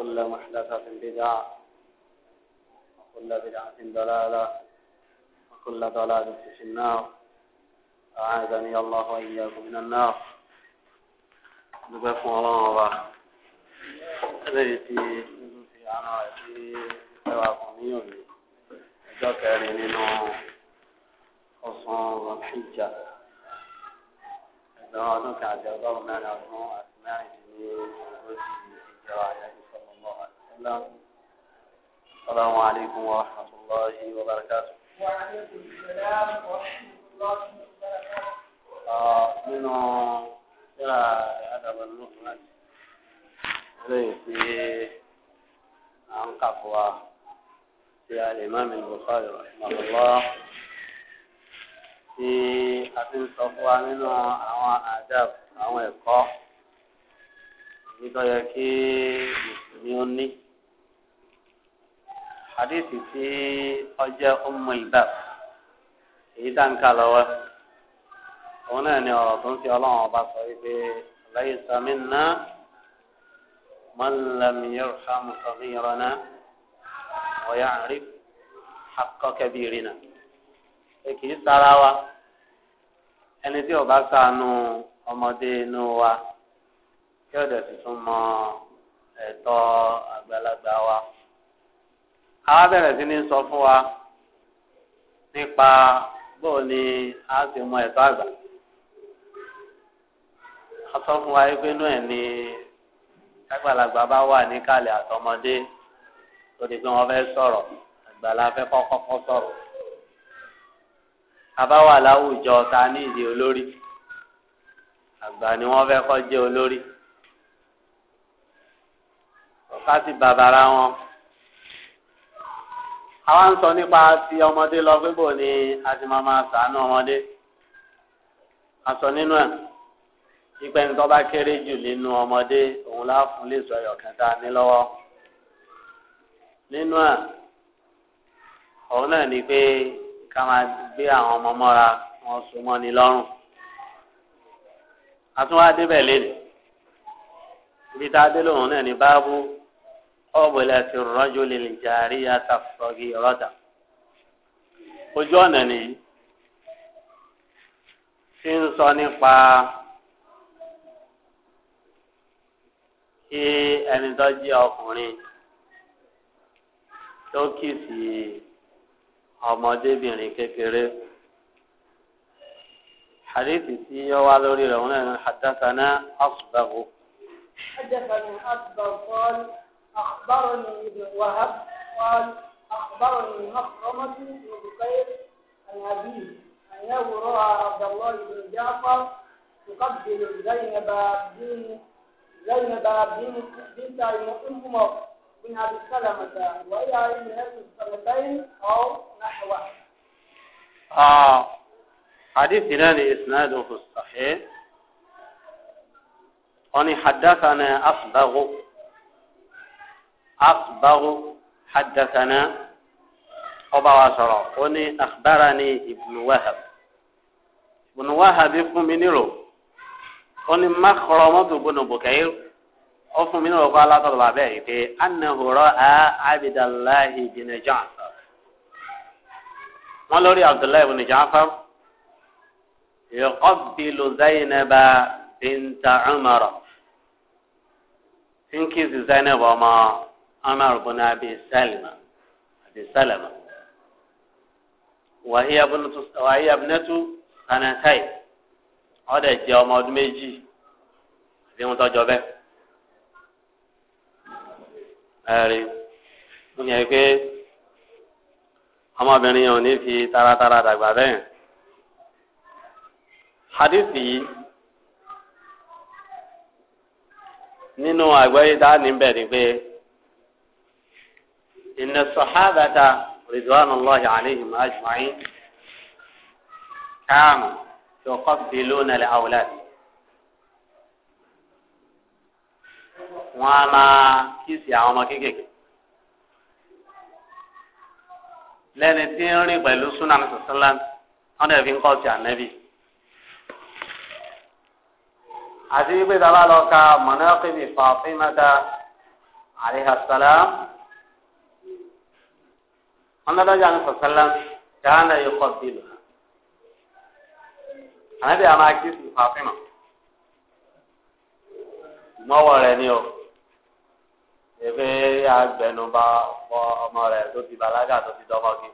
وكل محدثة بدعة وكل بدعة ضلالة وكل ضلالة في النار أعاذني الله وإياكم من النار دقاكم الله وبا الذي في عنا في سواكم يومي ذكر منه خصوصا الحجة إذا ذكر جزاء من أسماء أسماء في الهجرة الإسلام السلام عليكم ورحمة الله وبركاته وعليكم السلام ورحمة الله وبركاته من ترى أدب المفرد ليس عن قفوة في الإمام البخاري رحمه الله في a ti ń sọ fún wa nínú àwọn adab kí mùsùlùmí ó ní hadith tí ọjọ́ ọmọ ìbá èyí tá n kà lọ́wọ́ òun náà ni ọ̀rọ̀ tó ń fi ọlọ́run ọba sọ wípé laysa minna man lam yarham saghirana wa ya'rif haqqa kabirina pé kì í sara wa ẹni tí ọba ṣàánú ọmọdé inú wa kí ọ̀dẹ̀ tuntun mọ ẹ̀tọ́ àgbàlagbà wa àwa bẹ̀rẹ̀ sí ní sọ fún wa nípa bóò ni a ti mọ ẹ̀tọ́ àgbà a sọ fún wa pé inú ẹ̀ ni àgbàlagbà bá wà níkàlẹ̀ àtọmọdé tó di pé wọ́n fẹ́ sọ̀rọ̀ àgbàlá fẹ́ kọ́kọ́kọ́ sọ̀rọ̀ àbá wà láwùjọ ta ní ìdí olórí àgbà ni wọ́n fẹ́ kọ́ jẹ́ olórí ọ̀ká ti bàbára wọn àwa ń sọ nípa ti ọmọdé lọ pé bò ní a ti máa máa sàánú ọmọdé a sọ nínú ẹ̀ ìpẹ́ ní tọ́ba kéré jù nínú ọmọdé òun láàfún lè sọ ẹ̀yọ̀ kẹta ní lọ́wọ́ nínú ẹ̀ òun náà ni pé ká máa gbé àwọn ọmọ mọ́ra wọn sún mọ́ ni lọ́rùn a tún wá débẹ̀ lẹ́nu ibi tá a dé lóhùn náà ní báàbù ọ̀bùlẹ̀ ti rọ́jò lè jàrí àtàfọ́gì rọ́dà. ojú ọ̀nà ni ti ń sọ nípa kí ẹni tó jẹ́ ọkùnrin tó kì sí ọmọdébìnrin kékeré. حديث سيوا لوري لونا حدثنا أصبغ حدثنا أصبغ قال أخبرني ابن وهب قال أخبرني مخرمة بن بكير عن أبيه أنه رأى عبد الله بن جعفر يقبل زينب بن زينب بن بنت أم بن أبي سلمة وهي ابنة سنتين أو نحوه. آه حديث ثاني إسناده في الصحيح. قال حدثنا أصبغ asbaru haddathana ọba wa sọ̀rọ̀ ó ní akhbarani ibn wahab ibn wahab fún mi nírò ó ní makhromatu ibn bukair ó fún mi nírò kó alátọ̀dọ̀ bàbá yìí pé annahu ra'a abdullahi bin ja'far wọn lórí abdullahi bin ja'far yuqabbilu zainaba binta umar tí ń kí zainab ọmọ. عمر بن أبي سلمة أبي سلمة وهي ابنة وهي ابنة سنتين هذا جاء مدمجي في متجابه ẹ̀rí ó yẹ pé ọmọbìnrin yẹn ò ní fi taratara dàgbà bẹ́ẹ̀ a ni إن الصحابة رضوان الله عليهم أجمعين كانوا يقبلون الأولاد wọ́n máa kíìsì àwọn ọmọ kéékèèké lẹ́ni tí ń rìn pẹ̀lú sunan sọ̀sọ́lán wọ́n dẹ̀ fi ń kọ́ sí ànẹ́bì. àti wípé tá a bá lọ ka mọ̀nàkìbì fàáfin mẹ́ta àríhàsálàm ọlọ́dọ́jà ní sọ̀sẹ́lá gánà yìí kọ́ bílù hàn. ànábì àwọn akíyèsí fàáfínà mọ́wọ́ rẹ̀ ni o èpè agbẹnubá ọmọ rẹ̀ tó ti bàlágà tó ti dọ́mọ́gì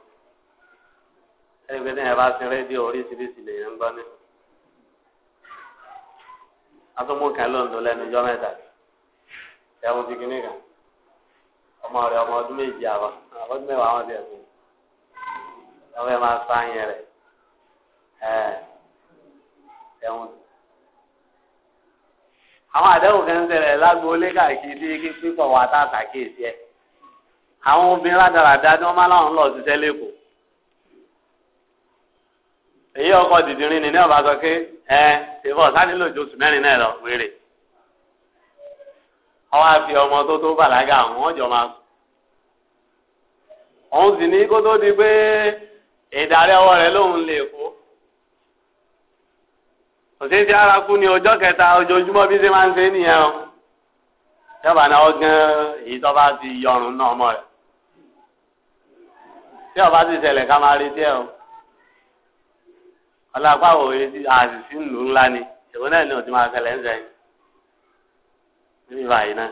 ẹni pé níyẹn bá ti rédíò oríṣiríṣi lèyìn ń gbọ́ ní. atúmù kan ló ń lò lẹ́nu ijọ́ mẹ́ta ẹ̀wọ̀n ti kíní kan ọmọ rẹ̀ ọmọ ọdún méjì àbọ̀ ọdún mẹ́wàá wọn ti ẹ̀sìn. wọ́n ma máa fa yẹn rẹ̀ ẹ̀ àwọn àdéhùn kan ṣẹlẹ̀ lágbóolé káàkiri kí pípọ̀ wà tá a ṣàkíyèsí ẹ̀. àwọn obìnrin ládàradà ni wọ́n máa láwọn lọ ṣiṣẹ́ lẹ́kọ̀ọ́. èyí ọkọ̀ dìdìrín ni ní ọba sọ pé ẹ ṣèbọ̀ sánílò oṣù mẹ́rin wéré. ọwọ́ àfi ọmọ tó tó bàlágà àwọn ọjọ́ máa sùn. òun sì ní ìdarí ọwọ́ rẹ̀ lòun lè kó òsè tí ara kú ni ọjọ́ kẹta ojoojúmọ́ bí ṣe máa ń ṣe nìyẹn o yọba náà gan èyí tó bá ti yọrùn náà mọ́ rẹ̀ tí ọba ti ṣẹlẹ̀ ká máa retí ẹ o ọlọ́pàá òye tí àṣìṣe ńlò ńlá ni ìwọ náà ni ò ti máa ṣẹlẹ̀ ń sẹ́yìn níbi báyìí náà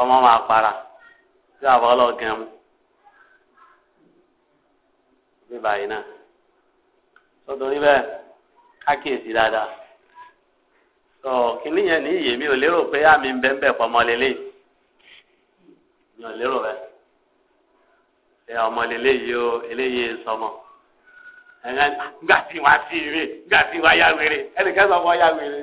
ọmọ máa para tí àbọ̀ ọlọ́ọ̀gán mu bí báyìí náà sọ́dọ̀ níbẹ̀ kákìyèsí dáadáa tó kìnní yẹn ní iyèmí ò lérò pé àmì ń bẹ́ẹ̀ bẹ́ẹ̀ pọ̀ lélẹ̀ mi ò lérò bẹ́ẹ̀ ṣe ọmọ lélẹ̀ yìí ó eléyìí sọmọ nígbà tí wàá sí ìwé nígbà tí wàá yá wèrè ẹnìkan sọ fún yá wèrè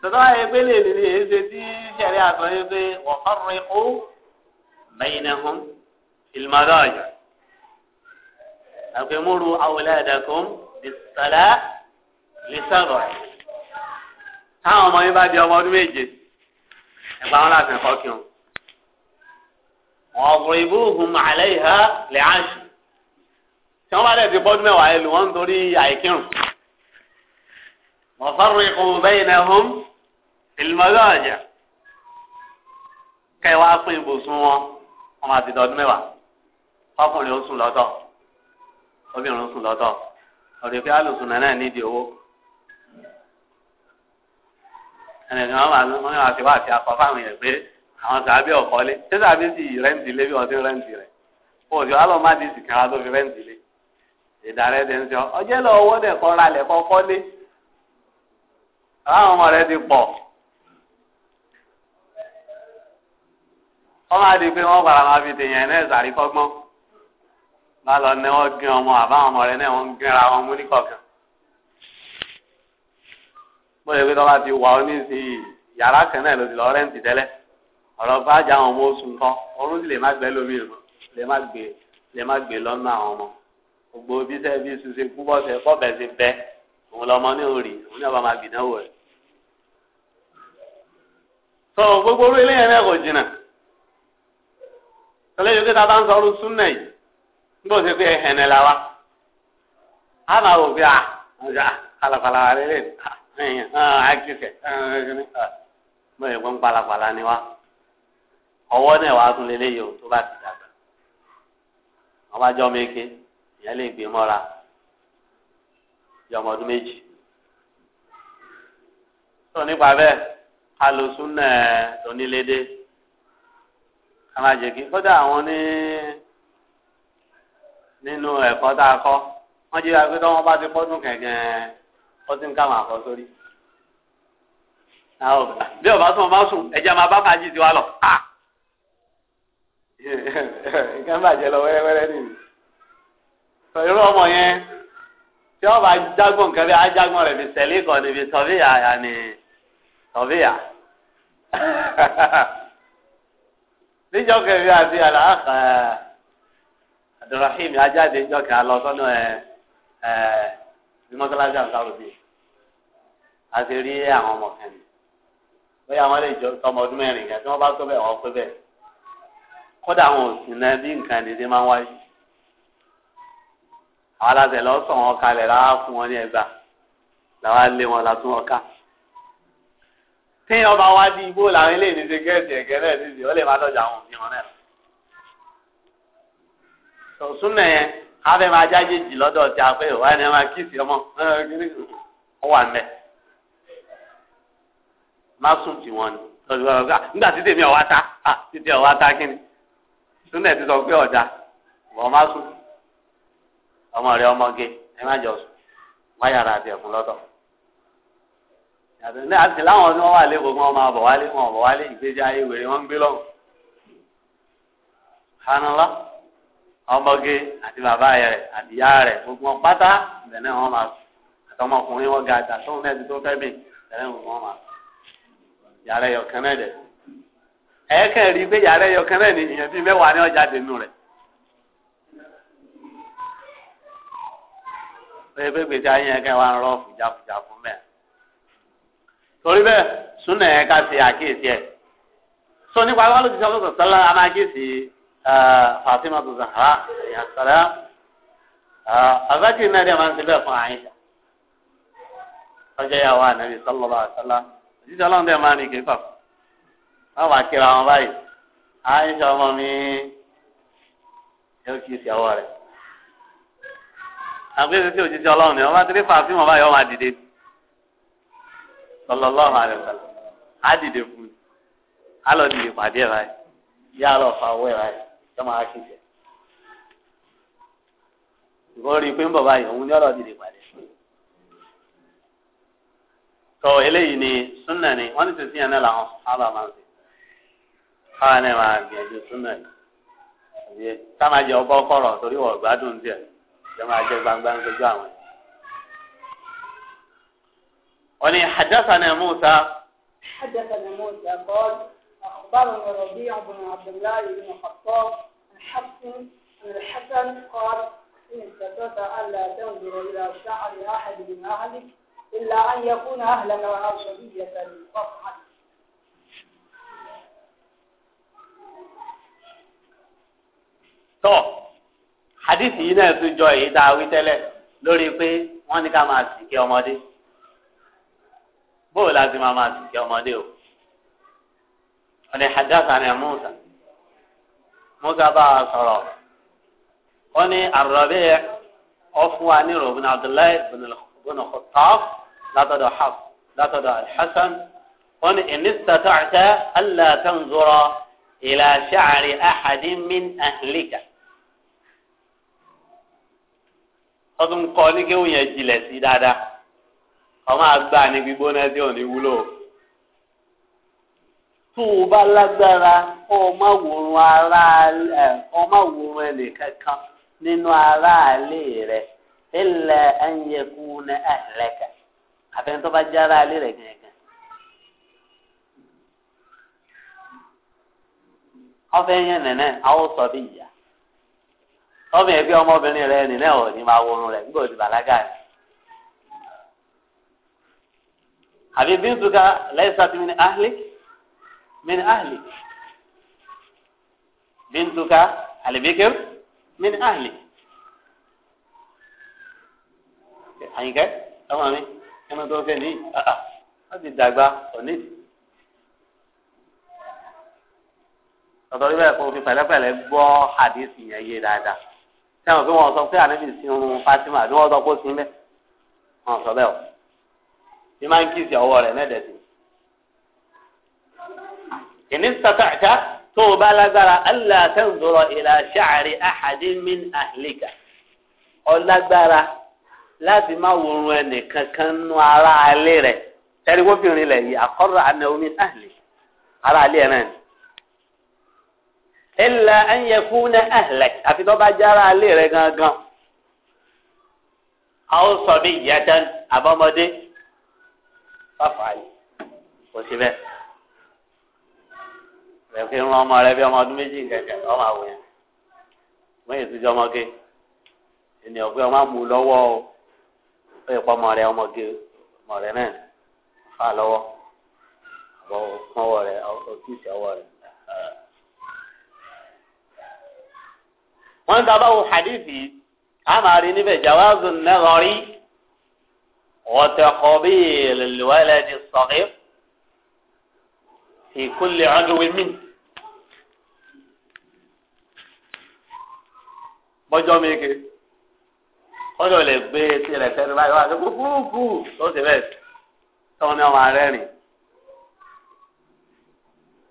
tọ́tọ́ ayé pé lè lè ṣe tí sẹ́rí àtọ́ pé wọ́n ikú bẹ́yìn náà hàn. المضاجع أقمروا أولادكم بالصلاة لسبع táwọn ọmọ yín bá di ọmọ ọdún méje ẹgbà wọn láti ẹkọ kí wọn. ọ̀gbìn ìbúhùn àlẹ́ ìhá lè áṣì tí wọ́n bá dẹ̀ ti bọ́dún mẹ́wàá ẹ̀ lù wọ́n nítorí àìkírun. mọ̀fárù ikùn bẹ́yìn náà hùm ìlmọ́lọ́ọ̀jà kẹwàá pín ibùsùn wọn wọ́n máa ti dọ́dún mẹ́wàá ọkùnrin ó sùn lọ́tọ̀ obìnrin ó sùn lọ́tọ̀ ọ̀rẹ́ fi alùsùn náà nídìí owó ẹnìkan wọn máa wọn máa fi wá àti akọ fáwọn èèyàn pé àwọn sàbí ọ̀kọ́lé ṣé sàbí sì rẹ́ǹtì lé bí wọ́n ti rẹ́ǹtì rẹ̀ o sì wá lọ má di sìkàn wa tó fi rẹ́ǹtì lé ìdàrẹ́ ti ń sọ ọjẹ́ lọ owó dẹ̀ kọ́ ra lẹ̀ kọ́ kọ́lé àwọn ọmọ rẹ̀ ti pọ̀ wọ́n máa di pé wọ́n padà máa fi tèèyàn náà sàrí kọ́gbọ́n bá lọ ní wọ́n gín ọmọ àbáwọn ọmọ rẹ náà wọ́n gínra wọn mú ní kọ̀ọ̀kan. bóyá pé tọ́ba ti wà ó ní ìsinyìí yàrá kan náà ló ti lọ rẹ́ǹtì tẹ́lẹ̀ ọ̀rọ̀ bá jà àwọn ọmọ oṣù nǹkan ọdún sì lè má gbẹ́ lómi ìrùn lè má gbé lè má gbé lọ́nà àwọn ọmọ gbogbo bí sẹ́ bí sùn ṣe kú bọ́sẹ̀ bọ́bẹ̀ ṣe bẹ́ òun lọmọ ní òrì òun ní ọba máa gbìnà náà kò jìnnà sọ níbo ṣe pé ẹ̀hẹ̀nẹ̀ la wa a máa wò pé à ọjà rẹ lè ẹ̀yìn àkìsẹ̀ mo yẹ gbọ́n kpalakpala ni wa ọwọ́ náà wàá tún lé léyìí o tó bá ti dàgbà wọ́n bá méke ìyẹn lè gbé mọ́ra jọmọ ọdún méjì tó nípa bẹ́ẹ̀ a lò sún náà onílédè a máa jẹ́ kí kódà àwọn ní nínú ẹ̀kọ́ tá a kọ́ wọ́n jí wáyé pé tí bá ti pọ́dún kẹ̀kẹ́ wọ́n ti ń ká màá sórí. bí ọba tí wọn bá sùn ẹ̀jẹ̀ máa bá fàájì tiwa lọ. nǹkan bàjẹ́ lọ wẹ́rẹ́wẹ́rẹ́ nìyí. irú ọmọ yẹn tí ọba jágbọ̀n nǹkan bí rẹ̀ fi tẹ̀lé kan níbi sọ́fíà yàní sọ́fíà. níjọ́ kẹrin àti àlàáfíà abdulrahim ajáde ń jọkẹ́ alọ sọ́nà ẹ ẹ ní mọ́sálásí àtàròbí a ti rí àwọn ọmọ kan ní bóyá àwọn lè jọ ọmọ ọdún mẹ́rin kan tí wọ́n bá tó bẹ̀ wọ́n pé bẹ́ẹ̀ kódà àwọn òsìn náà bí nǹkan ìdíje máa ń wáyé àwọn aláṣẹ lọ sọ wọn kalẹ̀ láwá fún wọn ní ẹgbà làwa lé wọn látún wọn ká téèyàn bá wá di igbó làwọn eléyìí ní ṣe gẹ́ẹ̀sì ẹ̀gẹ́ náà níbi ó lè má dọ̀jà àwọn òbí wọn náà sọ̀súnà yẹn abẹ́ máa jáde jì lọ́dọ̀ ti afẹ́ ìwà ni máa kíìsì ọmọ ọwà mẹ́ má sùn tì wọ́n ni nígbà tí tèmi ọ̀wá ta títí ọ̀wá ta kí ni súnà ti sọ pé ọ̀dà wọ́n má sùn ọmọ rẹ ọmọge ẹ má jọ sùn lọ́dọ̀ àti láwọn ọdún wọn wà lé gbogbo wọn máa bọ̀ wálé wọn bọ̀ wálé ọmọge àti bàbá rẹ̀ àti ìyá rẹ̀ gbogbo wọn pátá ìbẹ̀rẹ̀ wọn máa sùn àtọmọkùnrin ga tó fẹ́ mi ìbẹ̀rẹ̀ wọn máa sùn yàrá ẹyọ náà ẹ̀ẹ́kẹ́ rí i pé yàrá ẹyọ náà ni bíi mẹ́wàá ní ọjà pé pé gbèsè ayé wa ń rọ fún torí bẹ́ẹ̀ Fatima tó Zahra ẹ̀yà sọ́lá abájú náà dẹ̀ máa ń síbẹ̀ fún àyíṣà ọjọ́ ìyàwó ànábì sọ́lọ́lá àṣálá òjíṣẹ́ ọlọ́run dẹ̀ máa ń rìn kéfà wọ́n wàá kíra wọn báyìí àyíṣà ọmọ mi yóò kí ìṣàwọ̀ rẹ̀ àgbẹ̀sẹ̀ tí òjíṣẹ́ ọlọ́run ni wọ́n bá ti rí Fatima báyìí wọ́n máa dìde sọ́lọ́lá àṣálá á dìde fún mi á lọ dìde pàdé rẹ̀ yá lọ fà wẹ́ rẹ̀ yọmọ akíkẹ́ ìwọ́n rí i pé ń bọ̀ báyìí òun ní ọ̀rọ̀ dìde pàdé tó eléyìí ni súnà ni wọ́n ní tòsí yẹn náà làwọn sábà máa ń sè káwọn náà máa gbìyànjú súnà yìí ká máa jẹ ọgbọ́n kọ̀rọ̀ torí wọ́n gbádùn díẹ̀ jẹ́ máa jẹ gbangba ń gbẹ́jọ́ àwọn yìí. wọ́n ní حدثنا موسى حدثنا موسى قال أخبرني ربيع بن عبد الله بن الخطاب الحسن حفص الحسن قال إن استطعت ألا تنظر إلى شعر أحد من أهلك إلا أن يكون أهلك أو شبية فافعل tọ hadith yìí náà tún jọ èyí tá a wí tẹ́lẹ̀ lórí pé wọ́n ní ká máa sì kí ọmọdé bóòlù láti máa máa sì kí ọmọdé o wọ́n ní hadassah ní musa musa bá a sọ̀rọ̀ wọ́n ní arọ́bẹ́ ọ̀fun wa ní rògbòn abdullahi bin khutab látọ̀dọ̀ haf látọ̀dọ̀ alḥasan wọ́n ní ìnísítàtàtà alátàǹzọ̀rọ̀ ìlà ṣàárì àhàdí min ahlika. wọ́n tún kọ́ ní kéwòn yẹn jilẹ̀ sí dáadáa ọmọ àgbà ní gbígbóná tí ò ní wúlò tó o bá lágbára kó ara ẹ ẹnìkankan nínú ara àlè rẹ ilẹ̀ ẹ̀yẹ̀kú ní ẹ̀lẹ́kẹ̀ àfẹnutọ́ bá jẹ́ ara àlè rẹ gẹ̀gẹ̀. ọbẹ̀ yẹn nìyẹn àwọn sọ bí ìyá ọmọ ẹbí ọmọbìnrin rẹ nìyẹn ò ní máa rẹ nígbà min ahli bintuka alibikir min ahli àyìnkẹ́ ọmọ mi ẹnu tó fẹ́ nìyí ah, ah, wọ́n ti dàgbà òní. tọ́tọ́ bí bẹ́ẹ̀ kó fi pẹ̀lẹ́pẹ̀lẹ́ gbọ́ àdéhùn yẹn yé dáadáa sẹ́wọ̀n pé wọ́n sọ pé ànábì sí irun Fatima àbí wọ́n sọ pé ó sí mẹ́ wọ́n sọ bẹ́ẹ̀ o bí máa ń kíìsì ọwọ́ rẹ̀ mẹ́ẹ̀dẹ́sì ìnísítàtàtà tó o bá lágbára allah tẹ́ǹdọ̀rọ̀ ìlà ṣáàrí ahadimin ahlika ọlágbára láti má wòrun ẹnìkankan nú ara alẹ́ rẹ̀ tẹ́rìwọ́bìnrin lẹ̀ yìí àkọ́rọ̀ anáwómi ahli ara alẹ́ rẹ̀ ni. illa an yakuna ahlak àfi tó bá jẹ́ ara alẹ́ rẹ̀ gangan. àwọn sọ bí ìyá tán àbọ̀mọdé fáfáyé kò sí bẹ́ẹ̀ lẹ́fí ń rán ọmọ rẹ bí ọmọ ọdún méjì nǹkan ọmọ àwòyàn wọ́n yìí tún jọ ọmọge ènìyàn pé ọmọ àmú lọ́wọ́ o ó yẹ pọ́ ọmọ rẹ ọmọge ọmọ rẹ náà fà lọ́wọ́ àbọ̀ ọwọ́ rẹ ojúṣe ọwọ́ rẹ. wọ́n ń ta báwo hadithi a máa rí níbẹ̀ jawazu nẹ́rọ̀rí wọ́tẹ̀kọ̀ bíi lèlúwẹ́lẹ́ ti sọ̀rí fi kulli ọdún wí kọjọ́ méke kọjọ lè gbé etí rẹ̀ sẹ́nu báyìí wá sí kúkúrúkú tó ti bẹ́ẹ̀ tọ́ ní ọmọ rẹ̀ rìn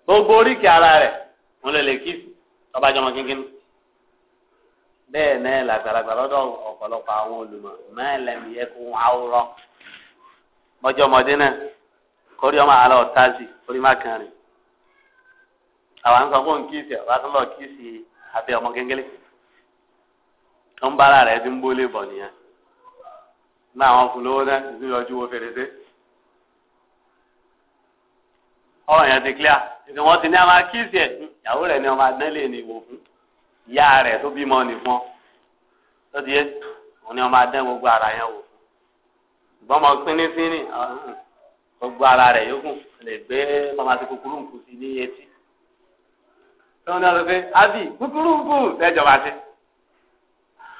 gbogbo oríkì ara lè lè kíìsì jọmọ náà làgbàlagbà àwọn àwòrán náà kórí ọmọ má kàn rìn àwọn kíìsì kíìsì tó ń bára rẹ̀ ti ń bólé bọ̀ nìyẹn náà àwọn fún lówó náà ti yọjú wo fèrèsé ọ̀rọ̀ yẹn ti clear ètò wọn ti ní a máa kíìsì ẹ̀ ìyàwó rẹ̀ ni ọmọ adán lè ní ìwò fún ìyá rẹ̀ tó bímọ nìfọn tó ti yé òun ni ọmọ adán gbogbo ara yẹn wò ìbọn ọmọ pínínsínì gbogbo ara rẹ̀ yókù lè gbé mamasi kúkúrú nkùsí ní etí. tó ń dá lọ pé abi kúkúrú nkù lẹ́jọba sí.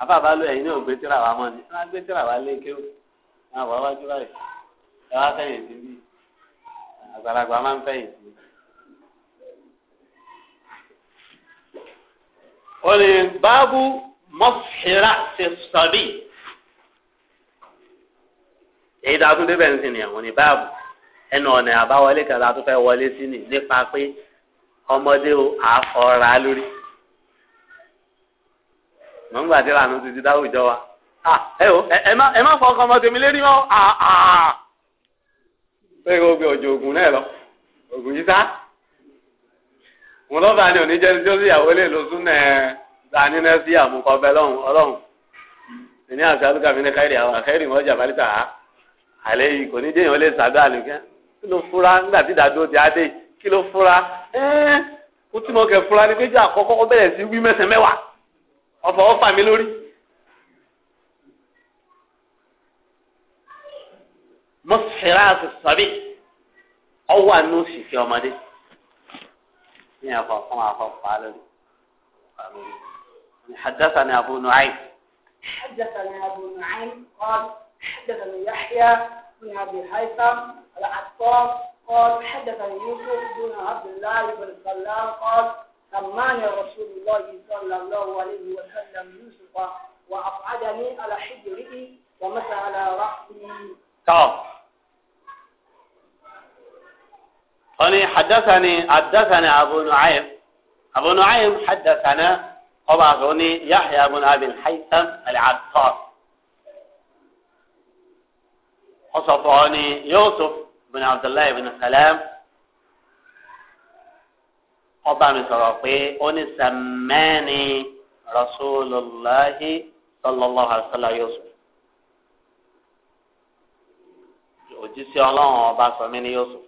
afáàbá ló ẹ̀yin náà gbé tíra wa mọ́ ni wọ́n á gbé tíra wa lé kéwù náà wọ́n wájú báyìí ẹ wá fẹ̀yìn sí bí àgbàlagbà máa ń fẹ̀yìn sí. olè báàbù mọ́fìlá ṣe sọ̀bì èyí tá a tún débẹ̀ ń sìn nìyẹn wọ́n ní báàbù ẹnu ọ̀nà àbáwọlé kan la fẹ́ wọlé sí ni nípa pé ọmọdé o àfọ̀ra lórí. wọn gbà tí lànà ti ti dáwùjọ wa ẹ o ẹ má ẹ má fọ ọkọ ọmọ tèmi lérí mọ àà pé o gbé ọjọ́ ogun náà lọ ogun yìí sá wọn lọ bá ní òní jẹ tí ó sì yàwó lè lọ sún ẹ dání náà sí àmúkọ bẹ ìní àti alúkà mi ní káyìrì àwọn àkáyìrì wọn jà á yìí kò ní lè kí ló fura ọ̀fọ̀ ọ̀fà mi lórí. mọ́sẹ̀rá àti sọ́bí ọwọ́ àánú sì fi ọmọdé ní ẹ̀kọ́ fún àfọ́ fàá lórí. حدثنا أبو نعيم حدثني أبو نعيم قال حدثني يحيى بن أبي هيثم العطار قال حدثني يوسف بن عبد الله بن سلام قال أمان رسول الله صلى الله عليه وسلم يوسف وأقعدني على حجره ومسى على رأسي طب قال حدثني حدثني أبو نعيم أبو نعيم حدثنا طبعا هني يحيى بن أبي الحيثم العطار حصفاني يوسف بن عبد الله بن سلام ọba mi sọ̀rọ̀ pé ó ní sàmẹ́ni rasulullahi sallallahu alaihi wa sallam yusuf òjíṣẹ́ ọlọ́run ọba sọ mí ní yusuf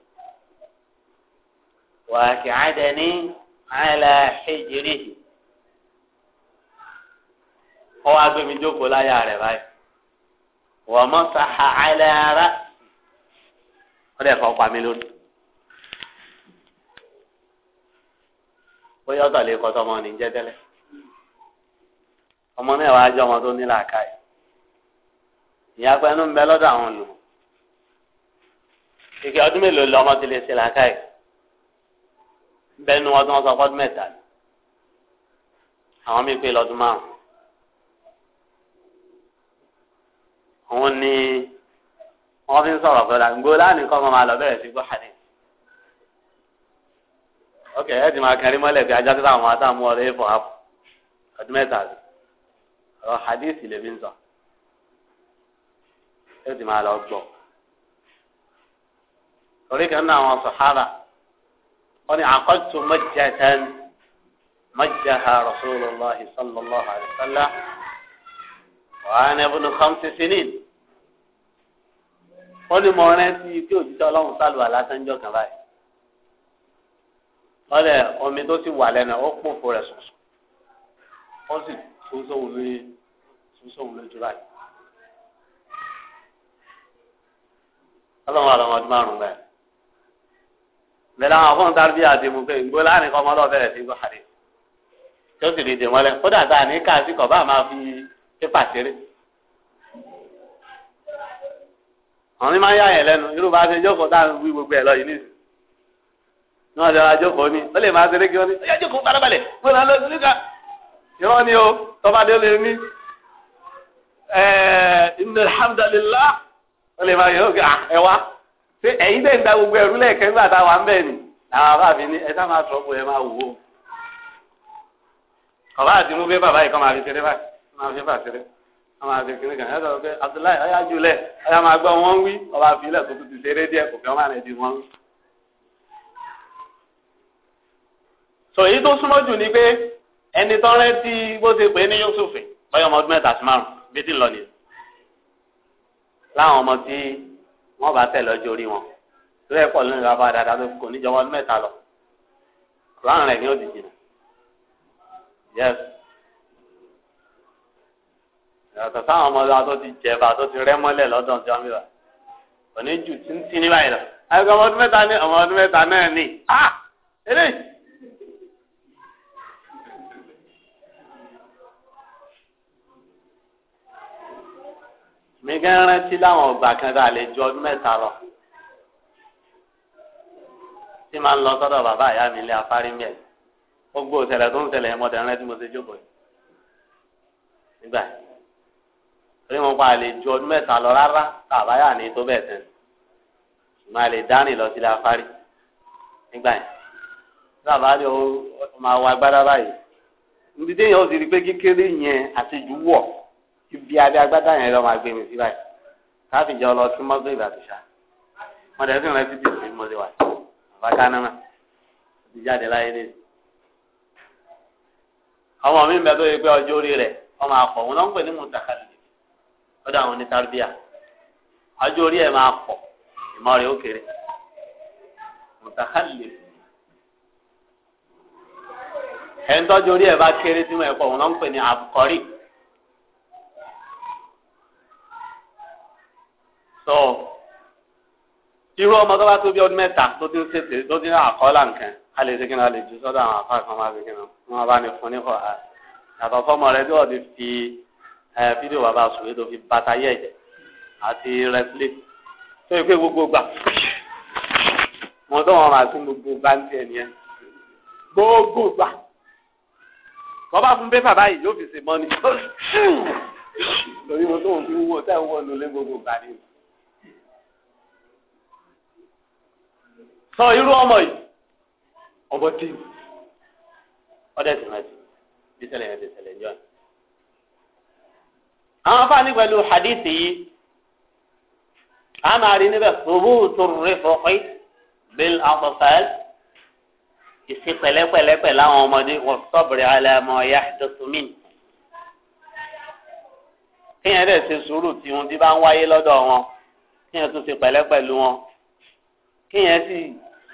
wà á kì á dẹ ní àìlà hijiri ó wá gbé mi jókòó láyà rẹ̀ báyìí wà á mọ̀ sáà àìlà ara ó dẹ̀ fọ́ pa mí lónìí. bóyá ọ̀tọ̀ lè kọ́ tọmọ ní jẹ́ tẹ́lẹ̀ ọmọ náà wàá jẹ́ ọmọ tó ní làákàyè ìyá pẹ́ẹ́nu ń bẹ lọ́dọ̀ àwọn olùmọ̀ ìkẹ́ ọdún mélòó lọ́mọ ti lè ṣe làákàyè bẹ́ẹ̀ni wọ́n tí wọ́n sọ fọ́dún mẹ́ta ni àwọn míì pé lọ́dún márùn òun ni wọ́n fi ń sọ̀rọ̀ pẹ̀lú àgbo láàánú ọmọ máa lọ bẹ̀rẹ̀ sí gbọ́ ok ẹ ti máa kẹrin mọ́lẹ̀ pé ajá tó táwọn máa táwọn mú ọ lé fún àpò ọdún mẹ́ta rẹ̀ ọ̀rọ̀ hadithi lè fi ń sọ ẹ ti máa lọ gbọ́ torí kan náà àwọn sàhábà wọn ni àkọ́tù mọ́jẹ́tẹ́n mọ́jẹ́ha rasulillah sallallahu alayhi wa sallam wàá ní ibùdó khamsi sinin wọn ni mọ̀ọ́rẹ́ ti kí òjijì ọlọ́run sálùwà lásán jọ báyìí ọ̀rẹ́ omi tó ti wà lẹ́nu ó kún fún rẹ̀ sọ̀sọ̀ ó sì tún sóhun lórí tún sóhun lójú láì. ọlọ́run àlọ́ ọmọdún márùn-ún bẹ́ẹ̀. bẹ́ẹ̀ àwọn fún tàbí àti mú pé ìgbó láàrin kọ́ ọmọdé ọ̀bẹ̀rẹ̀ sí gbọ́ àdé tó sì lè dè mọ́lẹ̀ kódà tá a ní káàsì kọ̀ bá máa fi pépà ṣeré. àwọn ní máa ń yá yẹn lẹ́nu irú bá ṣe jókòó tá a ń wí gbogbo ẹ̀ lọ yìí nísìnyí. náà lè ra ni ó lè máa ṣeré kí ní ọjọ́ jókòó balabalẹ̀ mo là ń lọ sílùkà ni o tọ́ba dé lè ní inna ó lè máa ah, ẹ wá ṣé ń da gbogbo lẹ́ẹ̀kẹ́ nígbà tá a wà ń ni àwọn ní ẹ sá máa ẹ máa wò ó àti mú bàbá yìí kọ́ máa fi ṣeré báyìí máa fi ṣeré yàtọ̀ pé Abdullahi máa gbọ́ wọn wí ọba àfilẹ̀ tó ti ṣeré so èyí tó súnmọ́ jù ni pé ẹni tó rántí bó ṣe pé ní Yusuf báyọ̀ ọmọ ọdún mẹ́ta sí márùn bí ti ń lọ nìyẹn láwọn ọmọ tí wọ́n bá tẹ̀ lọ́jọ́ orí wọn lórí ẹ̀pọ̀ lónìí bàbá dáadáa tó kò níjọba ọdún mẹ́ta lọ láàrin rẹ̀ ni ó dìjì yes yàtọ̀ sáwọn ọmọ ọdún tó ti jẹba tó ti rẹ́ mọ́lẹ̀ lọ́dọ̀ tí wọ́n bí wa kò ní jù tí ń tí ní báyìí lọ àyùkọ́ ọmọ ọdún mẹ́ta ní ọmọ ọdún mẹ́ta náà ní ah eléyìí. mi gán rántí láwọn ọgbà kan tá a lè ju ọdún mẹ́ta lọ tí máa ń lọ sọ́dọ̀ bàbá àyá mi ilé afárí mi ẹ̀ gbogbo ìṣẹ̀lẹ̀ tó ń ṣẹlẹ̀ ẹ̀ mọ̀tẹ̀ rántí mo ṣe jókòó yìí nígbà yìí wọn pa àlè ju ọdún mẹ́ta lọ rárá bàbá yà ní tó bẹ̀ tẹ̀ ṣùgbọ́n àlè dárìn lọ sílé afárí nígbà yìí bàbá yóò máa wọ agbádá báyìí níbi téèyàn ó ti rí pé kékeré yẹn àtijọ́ wọ̀ ibi abẹ́ agbádá yẹn lọ máa gbé mi sí báyìí káfíń jẹ́ ọlọ́ọ̀tí mọ́tò ìbàdìṣà wọ́n dẹ̀ sìn rẹ títí sí mo ti wà bàbá kaná náà ti jáde láyé ní. ọmọ mi bẹ tó yẹ pé ọjọ́ orí rẹ̀ ọmọ àpọ̀ wọn náà ń pè ní mùtàkàlì lọ́dọ̀ àwọn onítàlùbíà ọjọ́ orí ẹ̀ máa pọ̀ ìmọ̀ ó kéré mùtàkàlì ẹ̀ ń tọ́jú orí ẹ̀ bá kéré sínú ẹ̀kọ́ wọn náà ń pè ní àbùkọ́rì. tó irú ọmọ tó bá tó bí ọdún mẹ́ta tó ti ń ṣètè tó ti ń àkọọ́lá nǹkan a lè ṣe kí ni a lè ju sọ́dọ̀ àwọn afá kan máa ṣe kí ni wọ́n bá ní fún ní kọ́ yàtọ̀ fọ́mọ rẹ tí wọ́n ti fi fídíò bàbá sùwé tó fi bàtà yẹ̀jẹ̀ àti rẹ́sílẹ̀ tó yẹ pé gbogbo gbà wọn tó wọn máa sí gbogbo báńkì ẹ̀ nìyẹn gbogbo gbà wọ́n bá fún pépà báyìí yóò fi ṣe mọ́ni lórí mo tó ń fi wúwo tẹ́ wọ́n lulẹ̀ gbogbo gbà ni. sọ irú ọmọ yìí ọmọ tí ọdẹ sì máa ti bí ṣẹlẹ̀ yẹn ti ṣẹlẹ̀ ní ọyàn. àwọn afáàní pẹ̀lú hadith yìí a máa rí níbẹ̀ ṣubú turu rí fọkí bil afọfẹl ìsí pẹ̀lẹ́pẹ̀lẹ́pẹ̀ láwọn ọmọdé wọn sọbìrì alẹmọ ya dọtúmìn kínyẹn dẹ ṣe sùúrù tí wọn ti bá ń wáyé lọ́dọ̀ wọn kínyẹn tún ṣe pẹ̀lẹ́ wọn kínyẹn sì.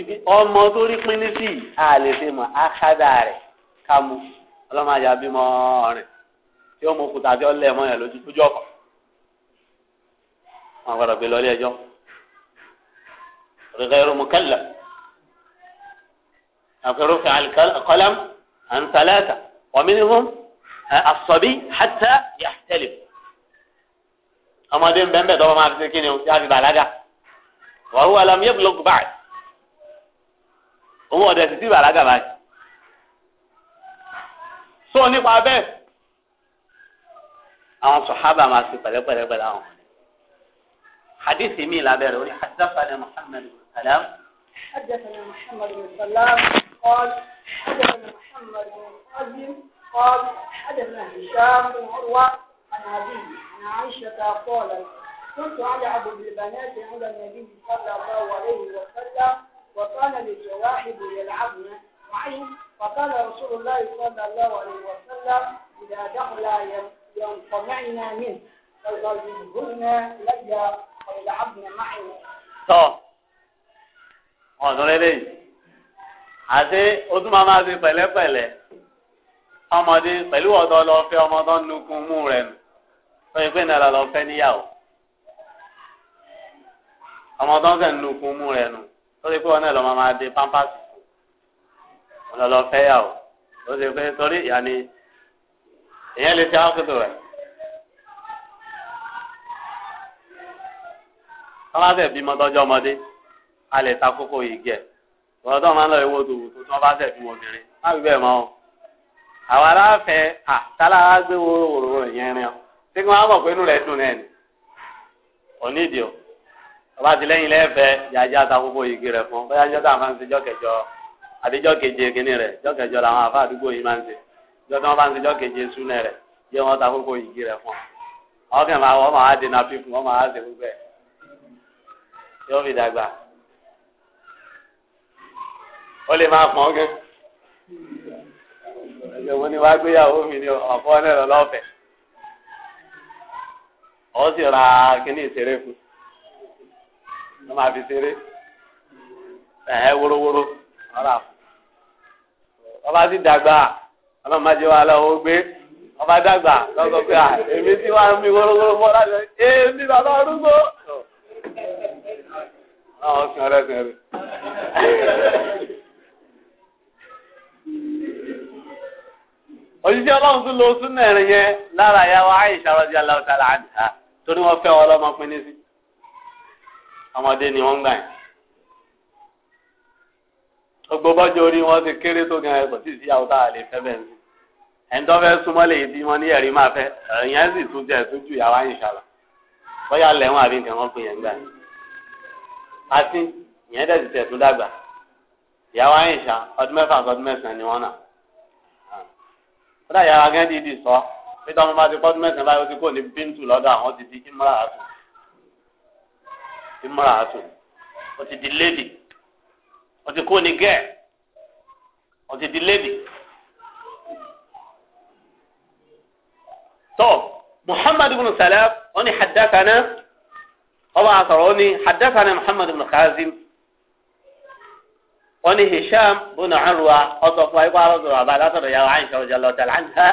ibi ọmọ tó rí pín ní sí a lè fi mọ akádà rẹ ká mu ọlọmọdé abímọ ọrìn tí ó mú kùtà tí ó lẹ mọ yẹn lójú fújọ kọ wọn gbọ́dọ̀ gbé lọlé ẹjọ́ rẹgẹrù mùkẹlẹ àfẹrùfẹ alikọlẹm ànsálẹta ọmínìhùn asọbí hàtà yàtẹlẹ ọmọdé ń bẹ́ẹ̀ bẹ́ẹ̀ dọ́wọ́ máa fi ṣe kí o tí a fi bàlágà wàhùwà làmúyẹ́ bùlọ́gù òun ọ̀dẹ̀ sì ti bàlágà báyìí. sọ nípa bẹ́ẹ̀ àwọn sọ̀hábà máa fi pẹ̀lẹ́pẹ̀lẹ́ pẹ̀lẹ́ àwọn. hadithi mi لابير يقول حدثنا محمد بن سلام حدثنا محمد بن سلام قال حدثنا محمد بن قاسم قال حدثنا هشام بن عروة عن أبيه عن عائشة قالت كنت على عبد البنات عند النبي صلى الله عليه وسلم وقال للشواحب يلعبن معي فقال رسول الله صلى الله عليه وسلم إذا دخل ينطمعن منه فيضربهن لجا ويلعبن معي tọ́ ọ̀dọ́rẹ́ lẹ́yìn àti ó tún máa máa ṣe pẹ̀lẹ́pẹ̀lẹ́ ọmọdé pẹ̀lú ọ̀dọ́ lọ fẹ́ ọmọ tó ń nukun mú rẹ̀ nù tó yẹ pé nàrà lọ fẹ́ níyàwó ọmọ nukun mú rẹ̀ nù torí pé wọn náà lọ máa máa de pampasi wọn lọ lọ fẹ́ yà o ó ṣe pé torí ìyá ni èèyàn lè ṣe ákòtò rẹ. tọ́lá fẹ́ bímọ tọ́jú ọmọdé a lè ta kókó yìí gẹ̀ wọ́n tó máa ń lọ ìwé òdòwò tó tí wọ́n bá fẹ́ bímọ obìnrin má fi bẹ́ẹ̀ mọ́ o. àwọn aláfẹ́ à tálá gbé wòrò wòrò yẹn rìn ọ́ tí á mọ̀ pé inú rẹ̀ dùn náà ni ò ìdí o. ọba ti lẹ́yìn lẹ́fẹ̀ẹ́ yàjá ta igi fún bóyá jọ́ta àmà ń kẹjọ keje jọ́ kẹjọ làwọn àdúgbò yìí máa ń ta fún ọ máa wọ́n máa wọ́n máa yóò fi dàgbà ó lè máa gẹ́ ni wàá gbéyàwó mi ni ọ sì ra ìṣeré fún ma máa ehe na ẹ̀hẹ́ wórówóró ọba ti dàgbà ọlọ́run ma jẹ́ wa lọ́wọ́ gbé ọba dàgbà lọ́sọ̀ pé à ah, èmi ti wá mi wórówóró mọ́ láti ṣe èmi bàbá arúgbó. ọmọdé ni wọ́n ń gbà yẹn gbogbo bọ́jọ́ orí wọn ti kéré tó gan ẹ̀kọ́ tí ìyàwó tá a lè fẹ́ bẹ́ẹ̀ ni ẹni tó fẹ́ súnmọ́ lè bí wọn ní ẹ̀rí máa fẹ́ ẹ̀yìn sì tún jẹ́ tún ju ìyàwó àyìn ṣàlọ́ bóyá lẹ́wọ̀n àbí nǹkan wọn pè yẹn gbà àti ìyẹn dẹ̀ ti tẹ̀ tún dàgbà ìyàwó àyìn ṣà ọdún mẹ́fà ọdún mẹ́sàn-án ni wọ́n nà ó dà yàrá gẹ́gẹ́ sọ pé tọ́mọ bá ti pọ́ ọdún mẹ́sàn-án báyìí ti kó ní bíntù lọ́dọ̀ àwọn ti di kí mọ́ra àtún ìmọ̀ràn àtò ó ti di lady ó ti kó ni girl ó ti di lady. tọ́ Muhammad ibn Salam ó ní haddathana ọba àtọ̀rọ̀ ó ní haddathana Muhammad ibn Kazim ó ní Hisham ibn Urwa ọ̀sọ̀ fún wa ikú alọ́sọ̀rọ̀ àbá látọ̀dọ̀ yàrá àyìnṣẹ́ ọjà lọ́tẹ̀ láńtà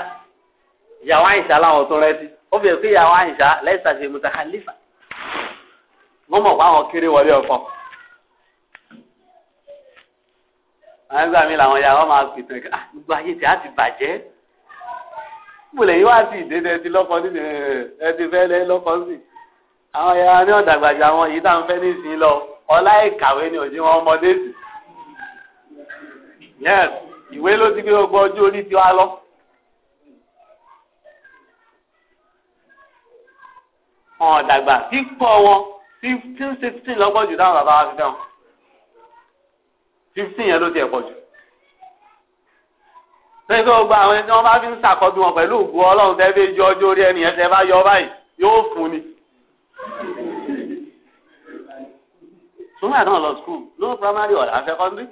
yàrá àyìnṣẹ́ aláwọ̀ tó rẹ́tí ó fi èkó yàrá àyìnṣẹ́ lẹ́sàfẹ́ mùtàkàlífà wọ́n mọ̀ fáwọn kéré wọlé ọkọ. àwọn ẹgbẹ́ mi làwọn ya wọ́n máa pìtàn kí ah, gbogbo ayé tí a ti bàjẹ́. mo lè wá sí ìdédé ti lọ́kọ nínú ẹ ti fẹ́ lẹ́ lọ́kọ sí. àwọn ya ní ọ̀dàgbàjà wọn yìí táwọn fẹ́ ní ìsìn lọ ọlá ìkàwé ni òjì wọn ọmọdé sí. yes ìwé ló ti gbé gbogbo ọjọ́ orí ti wá lọ. wọn ọ̀dàgbà pípọ̀ wọn fifteen sixteen lọ́pọ̀ jù dáhùn bàbá wa fi fẹ́ràn fifteen yẹn ló ti ẹ̀ pọ̀ jù. lẹ́yìn tó gba àwọn ẹni tí wọ́n bá fi ń ṣàkọdún wọn pẹ̀lú ògùn ọlọ́run tẹ́ fi ju ọjọ́ orí ẹni yẹn tẹ́ bá yọ báyìí yóò fún ni. súnmọ́ náà lọ skul ló primary ọ̀la secondary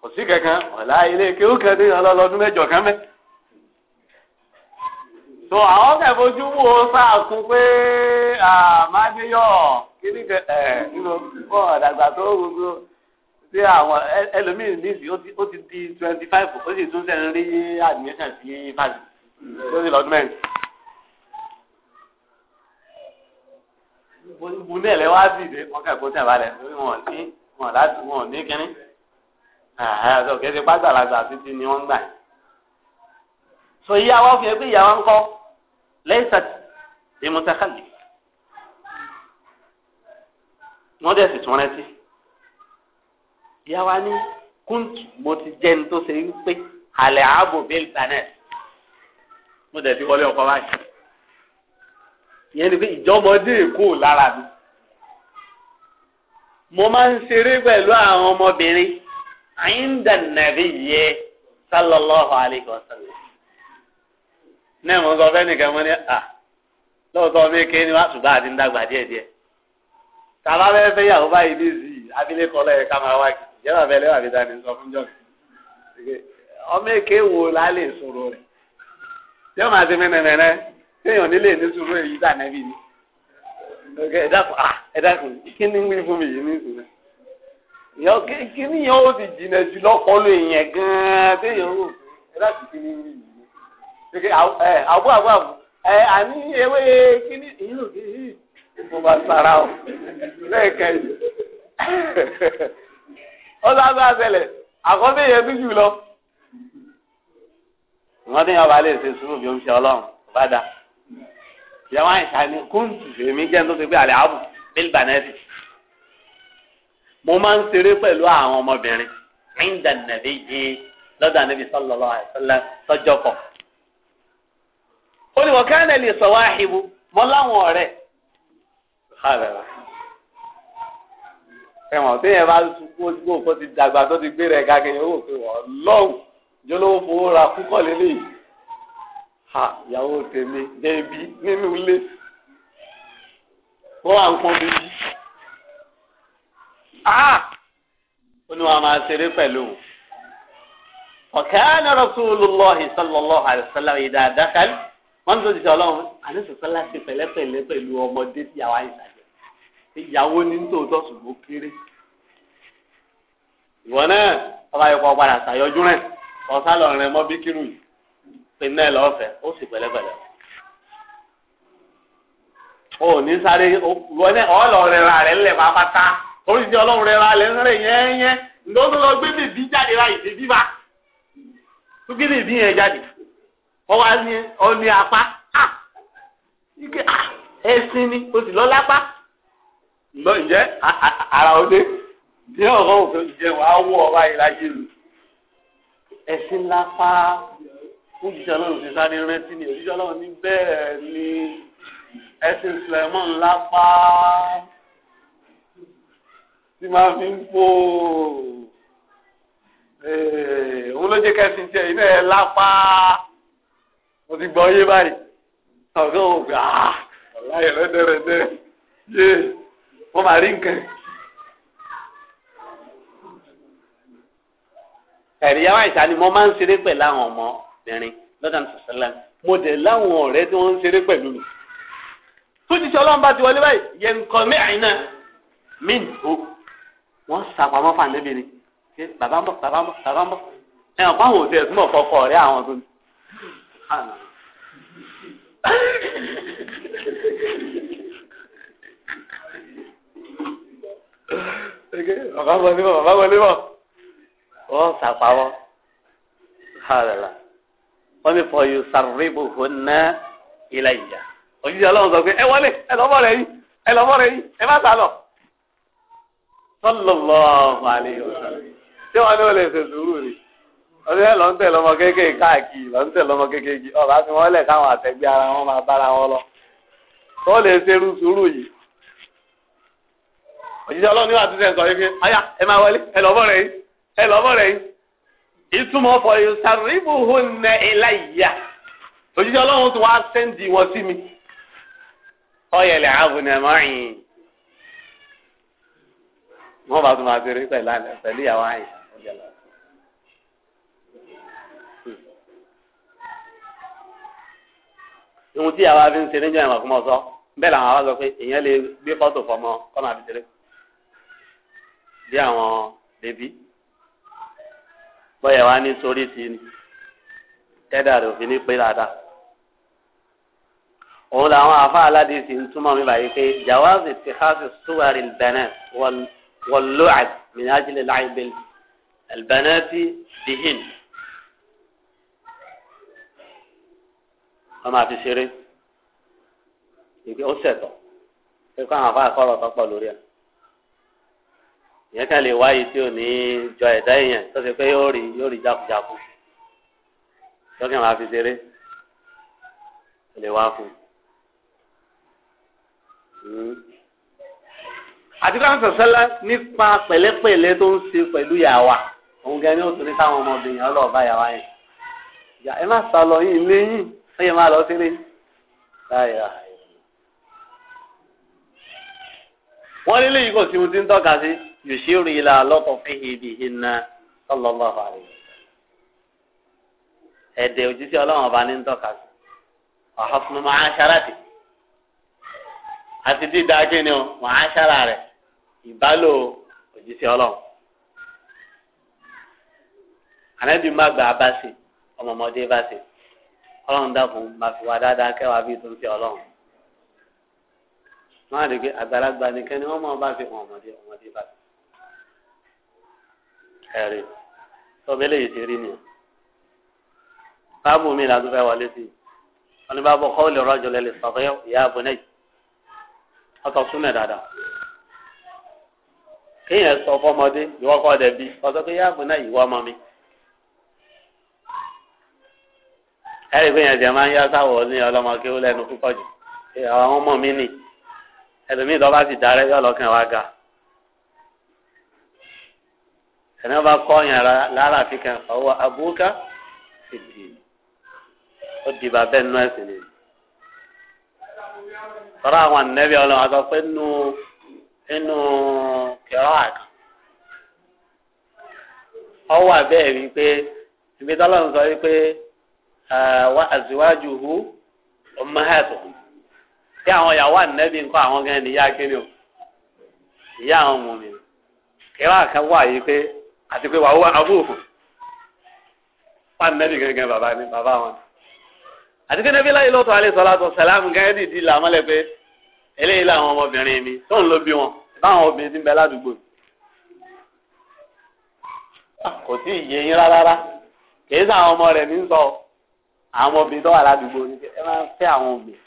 kò sí kankan ọ̀la ilé kéwù kan ní ọlọ́lọ́dún mẹ́jọ kan mẹ́ so àwọn kẹfojú wo sáàkún pé àmàdéyọ kíní kẹ ẹ nínú fún ọ̀dàgbà tó gbogbo sí àwọn ẹlòmíì níìsì ó ti di twenty five ó sì tún sẹ́ni rí admission sí fásitì tó sì lọ́dún mẹ́rin. bu ní ẹ̀lẹ́ wá dìde wọn kẹ́kọ̀ọ́ tẹ̀ balẹ̀ wọn láti wọn ní kínní àhẹ́ ọ̀kẹ́ pàgbàlagbà títí ni wọ́n ń gbà so ìyá wa fi ẹgbẹ́ ìyá wa kọ́ laysat bi mutakhallif wọ́n dẹ̀ sì tún rántí ìyá wa ní kúntù mo ti jẹ́ ní tó ṣe wípé àlẹ́ ààbò bẹ́ẹ̀ tanẹ́t mo dẹ̀ ti wọlé ọkọ̀ báyìí ìyẹn ni pé ìjọmọdé èkó lára mi mo máa ń ṣeré pẹ̀lú àwọn ọmọbìnrin àyíǹda nàbí yẹ sallallahu alayhi wa sallam náà mo sọ fẹ́nìkan mo ní à lóòótọ́ mi ké ni wàá ṣùgbọ́n àti ń dàgbà díẹ̀ díẹ̀ tàbá fẹ́ fẹ́ yàwó báyìí ní zi abilékọ lẹ́yìn ká máa kì í yẹ́wà bẹ́ẹ̀ lẹ́wà bíta ni sọ fún jọ́ọ̀kì ọmọ èké wo la lè sọ̀rọ̀ rẹ̀ yóò máa ti mẹ́nẹ̀mẹ́nẹ́ téèyàn nílé ní sùúrù èyí tà nẹ́bí ni ẹ dákun ẹ dákun kí ni wí fún mi yìí ní ìsìn ṣèké àbú àbú àbú ẹ àní ewé kíní ìyóò yìí mo bá sara o lẹ́ẹ̀kan yìí ó sábà ṣẹlẹ̀ àkọ́bí yẹn bí jù lọ. wọ́n ní ọba lè ṣe sùúrù bí ó ń ṣe ọlọ́run bá dá ìyàwó àyìnṣà ni kóńtù èmi jẹ́ tó ti gbé àlẹ́ àbù mo máa ń ṣeré pẹ̀lú àwọn ọmọbìnrin ní ìdànàbí yìí lọ́dọ̀ àníbi sọ́lọ́lọ́ àìsọ́lá tọ́jọ́ kọ̀ọ̀ ó ní wọ́n kánẹ̀ lè sọ wáhìbù mọ́ láwọn ọ̀rẹ́ ẹ̀wọ̀n tí yẹn bá sunkún ojúgbò kó ti dàgbà tó ti gbé rẹ̀ gàgé yẹn wò pé ọlọ́run jólówó fowó ra kúkọ̀ lélẹ̀ yìí ha ìyàwó tèmi débi nínú ilé wọ́n wà ń pọ́n bíbí ó ní wọn máa ṣeré pẹ̀lú òun. وكان رسول الله صلى الله عليه وسلم إذا دخل wọ́n tó ti sọ ọlọ́run àdéṣùsọ láti pẹ̀lẹ́pẹ̀lẹ́ pẹ̀lú ọmọdé tí àwa ìsàjẹ́ ìyàwó ní tòótọ́ ṣùgbọ́n kéré ìwọ náà ọba yọpọ padà ṣàyọjú rẹ ọ̀sán lọ rẹ mọ́ bí kírù yìí pé náà lọ́fẹ̀ẹ́ ó sì pẹ̀lẹ́pẹ̀lẹ́ o ní sáré ìwọ náà ọ̀ lọ rẹ ra rẹ lẹ̀ pátá orí ti ọlọ́run rẹ ra rẹ ń rẹ̀ yẹ́nyẹ́ lọ́dún lọ gbé bèbí jáde ra ọ wá ní apá ike ni o sì lọ lápá ǹgbọ́ ǹjẹ́ ara ọdẹ ní ọ̀rọ̀ òfin jẹ wàá wọ ọba yìí láyé lò ẹsìn lápá fún jíjọ lọ́run ti sáré rántí ni òjíjọ lọ́run ní bẹ́ẹ̀ ni ẹsìn Sulemon lápá tí máa fi ń fò òun ló jẹ́ kẹ́sìn tiẹ̀ iná lápá mo ti gbọ́ yé báyìí ọ̀gá ò gbà á ọ̀la yẹn lẹ́dẹ̀rẹ̀dẹ̀ yé wọ́n máa rí nǹkan. ẹ̀rí yàrá ìta ni mo máa ń ṣeré pẹ̀lú àwọn ọmọbìnrin lọ́dàn sọ̀sẹ́lá mo dẹ̀ láwọn ọ̀rẹ́ tí wọ́n ń ṣeré pẹ̀lú mi. tó ti ṣe ọlọ́run bá ti wọlé báyìí yẹn nǹkan mẹ́rin náà mí nìbó wọ́n sàpamọ́ fàǹdébí ni bàbá ń bọ̀ bàbá ń bọ̀ bàbá ń bọ̀ ẹ̀ ọ̀pá àwọn òṣèlú mọ̀ fọkọ ọ̀rẹ́ àwọn tó ní bàbá wọlé bọ̀ bàbá wọlé bọ̀ wọ́n sàpàwọ́ hàlẹ́lá wọ́n ní fọ yóò sàrìbù hóná ilẹ̀ ìjà òjijì ọlọ́run sọ pé ẹ wọlé ẹ lọ́mọ rẹ yìí ẹ lọ́mọ rẹ yìí ẹ má sà lọ. sọlọ́lọ́ ọ̀hún yóò sọ ṣé wọn ní wọn lè ṣe sùúrù rèé. ọdún lọ ń tẹ̀lé ọmọ kéékèèké káàkiri lọ ń tẹ̀lé ọmọ kéékèèké ọba tí wọ́n lẹ̀ káwọn ara wọn máa bára wọn lọ tó lè ṣerú sùúrù yìí òjijì ọlọ́run ní àtúnṣe sọ yìí pé ọyá ẹ máa wọlé ẹ lọ́bọ̀ yìí ẹ lọ́bọ̀ yìí ìtumọ̀ fọ nẹ ìláyà òjijì ọlọ́run sẹ́ǹdì wọ sí mi ọyẹlẹ ohun tí àwa fi ń ṣe níjọ́ ìmọ̀ kúmọ̀ sọ bẹ́ẹ̀ làwọn àwa sọ pé èèyàn lè gbé fọ́tò fọmọ kọ́mọ àfi ṣeré bí àwọn bèbí bọ́yẹ̀ wá ní sórí sí ni kẹ́dà rẹ̀ òfin ní pé dáadáa òun làwọn àfa aládìí sì ń túmọ̀ mi báyìí pé jawazi ti xaasi suwari bẹ̀nẹ̀ wọ́n lócàd mìíràn ajílẹ̀ láì bẹ̀lẹ̀ bẹ̀nẹ̀ ti bihin. wọn máa fi ṣeré ìpè ó ṣẹtọ pé kó àwọn afáà kọrọ tó pọ̀ lórí ẹ ìyẹn kan lè wáyé tí ò ní jọ ẹ̀dá èèyàn tó ṣe pé yóò rí yóò rí jákujáku lọ́kàn máa fi ṣeré lè wá fún un. àti káwọn sọ̀sẹ́lá nípa pẹ̀lẹ́pẹ̀lẹ́ tó ń ṣe pẹ̀lú yàwá òun gan ni ó tún ní táwọn ọmọbìnrin ọlọ́ọ̀bá yàwá yẹn ẹ má sá lọ yín ilé yín ó yẹ máa lọ sílé láyà. wọ́n nílé yìí kò sí ohun tí ń tọ́ka sí yòṣírù ilà lọ́tọ̀ fihì ibi iná sallallahu alaihi ẹ̀dẹ̀ òjíṣẹ́ ọlọ́run ọba ní ń tọ́ka sí ọ̀hásùn máa ń ṣáràtì àti dídá kíni o máa ń ṣára rẹ̀ ìbálò òjíṣẹ́ ọlọ́run ànábì má gba abáṣe ọmọọmọdé bá ṣe ọlọ́run dákun bá fi wá dáadáa kẹwàá bíi tó ń fi ọlọ́run wọn á lè gbé àgbàlagbà nìkan ni wọn máa bá fi hàn ọmọdé ọmọdé bá fi ẹrí tọ́bí eléyìí ti rí nìyẹn báàbù mi làdún fẹ́ wọlé sí i wọn ni bá bọ́ kọ́ọ̀lì rọ́jò lẹ́lẹ́ sọ̀fẹ́ ìyá àbúnẹ́ yìí súnmẹ̀ dáadáa kéèyàn sọ fọ́mọdé ìwọ́kọ̀ ọ̀dẹ̀ bíi ọ̀sọ́ pé ìyá àbúnẹ́ yìí ọmọ mi. ẹ̀rí pé yẹn jẹ́ máa ń yá sáwọ̀ ní ọlọ́mọ kí ó lẹ́nu púpọ̀ jù àwọn ọmọ mi nì ẹlòmíì tó bá sì darẹ́ yọ̀ lọ́kàn wa ga ẹni wọn bá kọ́ yẹn lára àfikàn ọwọ́ abúkà fìdí ó di bàbá ẹnu ẹ̀sìn ni tọ́lá àwọn ànẹ́bí ọlọ́run àti ọ̀pẹ́ nù nínú kẹrọ àkàn ọwọ́ àbẹ́ẹ̀ wípé ìgbésọ́lọ́run sọ wípé wa azwajuhu ummahatuhum tí àwọn ìyàwó ànẹ́bí nǹkan àwọn gan ni ìyá kíni o ìyá àwọn ọmọ mi kíra kan wà yìí pé àti pé wàá wá abúrúfù wà ànẹ́bí gangan bàbá ni bàbá wọn àti pé nẹ́bí láyé lọ́tọ̀ alẹ́ sọlá tó sàlámù gan ní ìdí làmọ́lẹ̀ pé eléyìí làwọn ọmọbìnrin mi tó ń lo bí wọn báwọn obìnrin ti ń bẹ ládùúgbò kò tí ì yé yín rárá kì í sàwọn ọmọ rẹ̀ ní sọ àwọn ọmọbìnrin tó wà ládùúgbò ní ẹ máa ń fẹ́ àwọn obìnrin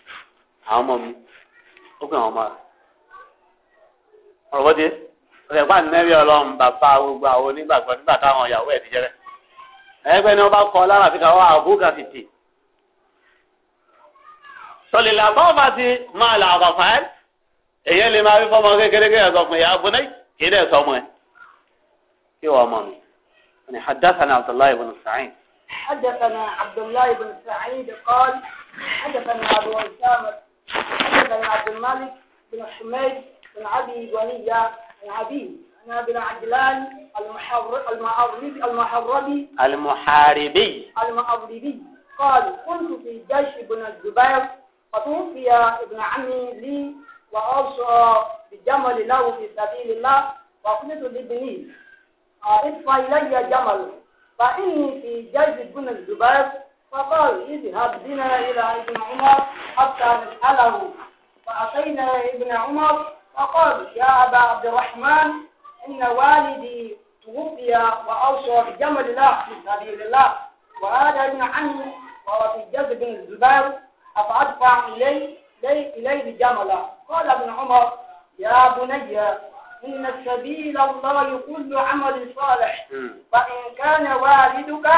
àwọn ọmọ mi ó pè wọn mọ́ra ọ̀rọ̀ bọ́dé ọ̀rẹ́ pa nẹ́bí ọlọ́run bàbá gbogbo àwọn onígbàgbọ́ nígbà táwọn ìyàwó ẹ̀ níjẹ́rẹ́ ẹgbẹ́ ni wọ́n bá kọ́ lára àfikà wọ́n àbúkà títì sọlìlà bọ́ọ̀bà ti máa là àbàfà ẹ́ èyí lè máa wí fọmọ kékeré kéèyàn sọ fún ìyá abúlé kéèyàn sọmọ ẹ kí wọ́n mọ̀ mi ni hadassah abdullahi ibn sa'id حدثنا عبد الله بن سعيد قال حدثنا أبو أسامة حدثنا عبد الملك بن حميد بن عبي ونية بن عبي عن بن عجلان المحربي المحربي المحاربي المحاربي قال كنت في جيش بن الزبير فتوفي ابن عمي لي وأوصى بجمل له في سبيل الله وقلت لابني ادفع إلي جمل فإني في جلد بن الزبير فقال اذهب بنا إلى ابن عمر حتى نسأله فأتينا ابن عمر فقال يا أبا عبد الرحمن إن والدي توفي وأوصى بجمل الله في سبيل الله وهذا ابن عمي وهو في جلد بن الزبير أفأدفع إليه إليه جملة قال ابن عمر يا بني إن سبيل الله كل عمل صالح فإن كان والدك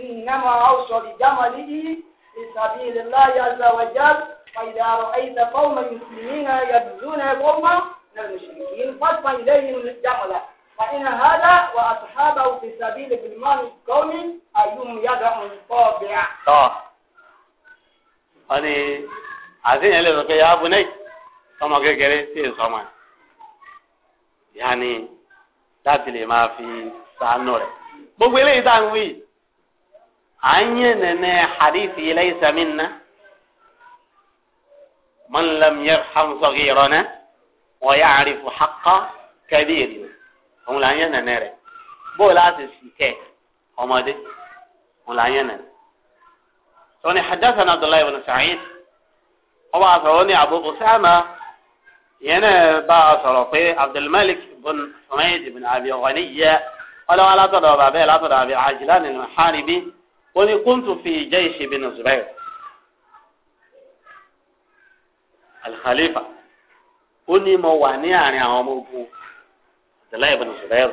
إنما أوصى بجمله لسبيل الله عز وجل فإذا رأيت قوم مسلمين يبذلون قوما من المشركين فاطمع إليهم الجملة فإن هذا وأصحابه في سبيل بالمال القومي أيهم يدع الطابع. آه. أنا عايزين يا بني ọmọ kékeré sí ìsọmọ yanni láti lè máa fi sànù rẹ gbogbo eléyìí tá à ń wí à ń yẹn nẹnẹ hadithi laysa minna man lam yarham saghirana wa ya'rifu haqqa kabirina òun là ń yẹn nẹnẹ rẹ bó láti sì kẹ ọmọdé òun là ń yẹn nẹnẹ sọ ni hadathana abdullahi ibn sa'id ọba àtọwọ́ ni abu usama. ìyẹn náà bá a sọ̀rọ̀ pé abdulmalik bin sumayd bin abi ghaniya ọlọ́wọ́ alátọ̀dọ̀ bàbá ẹ̀ látọ̀dọ̀ abi ajilan nínú haribi ó ní kuntu fi jaysh bin zubair alkhalifa ó ní mo wà ní àárín àwọn ọmọ ogun abdullahi bin zubair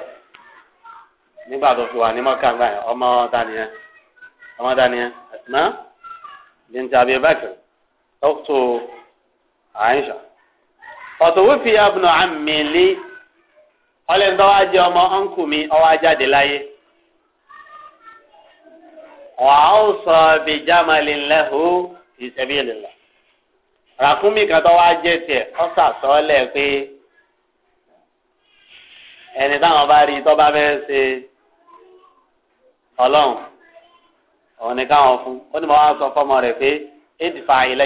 nígbà tó fi wà ní mọ́kànlá ọmọ daniel ọmọ daniel asma bint abi bakr ukhtu aisha. ọ̀tọ̀wé fi abùnà àmìlí ọlẹ́ńdọ́wọ́ ajé ọmọ ọ̀nkù mi ọwọ́ ajáde láyé. wàhùsọ̀ bí jámalì lẹ́hu ìṣẹ̀bí ìlìlá. ràkúnmí kan tó wá jẹ́ tiẹ̀ ó sàsọ́ọ́lẹ̀ pé ẹni táwọn bá rí tó bá ṣe ọlọ́run òun ni káwọn fún ó ní mo wá sọ fọ́mọ rẹ̀ pé éèdì fa ilé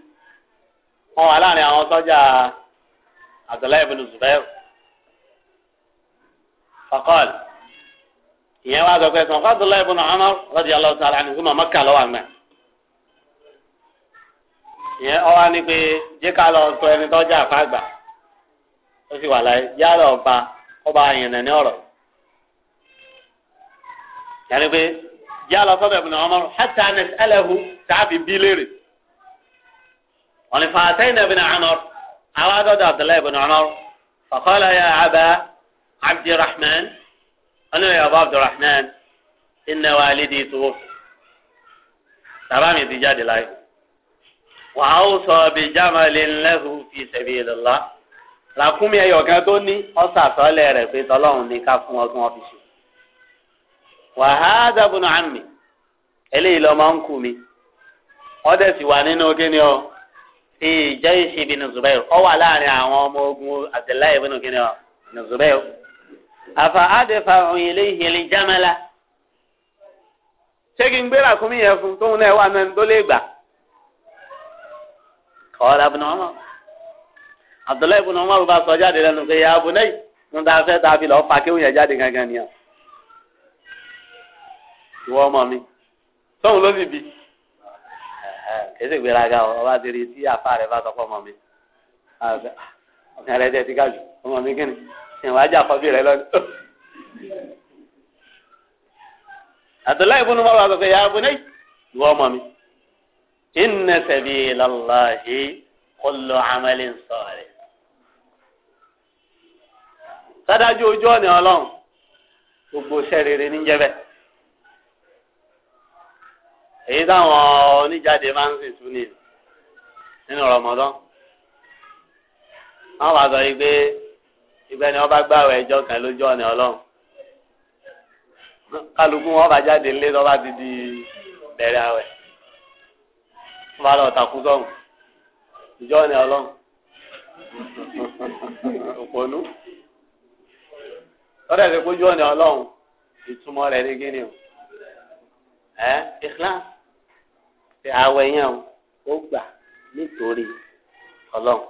wọn wà láàrin àwọn sọ́jà Abdullahi ibn Zubair ìyẹn wá gbẹgbẹ sọ fún Abdullahi ibn Umar radiyallahu ta'ala anhuma Mẹ́kà ìyẹn ọwọ́ ni pé jẹ́ lọ sọ ẹni tọ́jà àfàgbà ó sì wà láyé yálà ọba ọba àyànnà ní yàrá pé yálà ibn tàbí bí wọn ni fàtẹ́yìn ibn Umar àwọn adọ́dọ̀ abdullahi ibn Umar faqala ya aba abdirahman wọn ni yàrá abdirahman inna walidi tuwuf bàbá mi ti jáde láyé wà á sọ bí jamalin lahu fi sabilillah làkúnmí ẹyọkan tó ní ọsàtọlẹ rẹ pé tọlọ́run ní ká fún ọdún ọfíìsì wà á dábùnú àmì eléyìí lọ máa ń kú mi ọdẹ sì wà nínú kíni ọ fi jaysh ibn zubair ọ wà láàrin àwọn ọmọ ogun abdullahi ibn kini ọ ibn zubair afa adfa ilayhi aljamala ṣé kí n gbé ràkúnmí yẹn fún tóun náà wà mẹ́rin tó lè gbà qala ibn umar abdullahi ibn umar bá sọ jáde lẹ́nu pé ya bunay ń ta fẹ́ ta lọ́ọ́ fa kéwìn yẹn jáde gangan ni ọ ìwọ ọmọ mi tóun ló sì bí èsì ìgbéraga ọ ọba ti rí sí àfa rẹ bá sọ fọmọ mi ọkàn rẹ tẹ ti ká jù ọmọ mi kí ni ìwà ajá àkọ́bí rẹ lọ. Abdullahi ibùnú bá wà sọ pé ya abúlé ìwọ ọmọ mi inna sabila Allahi kullu amalin salih. sádájú ojú ọ̀nà ọlọ́run gbogbo iṣẹ́ rere ní èyí táwọn oníjáde máa ń sìn tún nínú rọmọdán wọn bá sọ yìí pé ìgbẹ́ni wọn bá gbàwé ẹjọ́ kan lójú ọ̀nà ọlọ́run kálukú wọn bá jáde lé lọ́ba ti di bẹ̀rẹ̀ àwẹ̀ wọn bá lọ takú sọ̀hún ìjọ ni ọlọ́run òpònú lọ́dọ̀ ti kójú ọ̀nà ọlọ́run ìtumọ̀ rẹ̀ ní kíni ẹ ikhlas ṣe àwẹ̀ yẹn o ó gbà nítorí ọlọ́run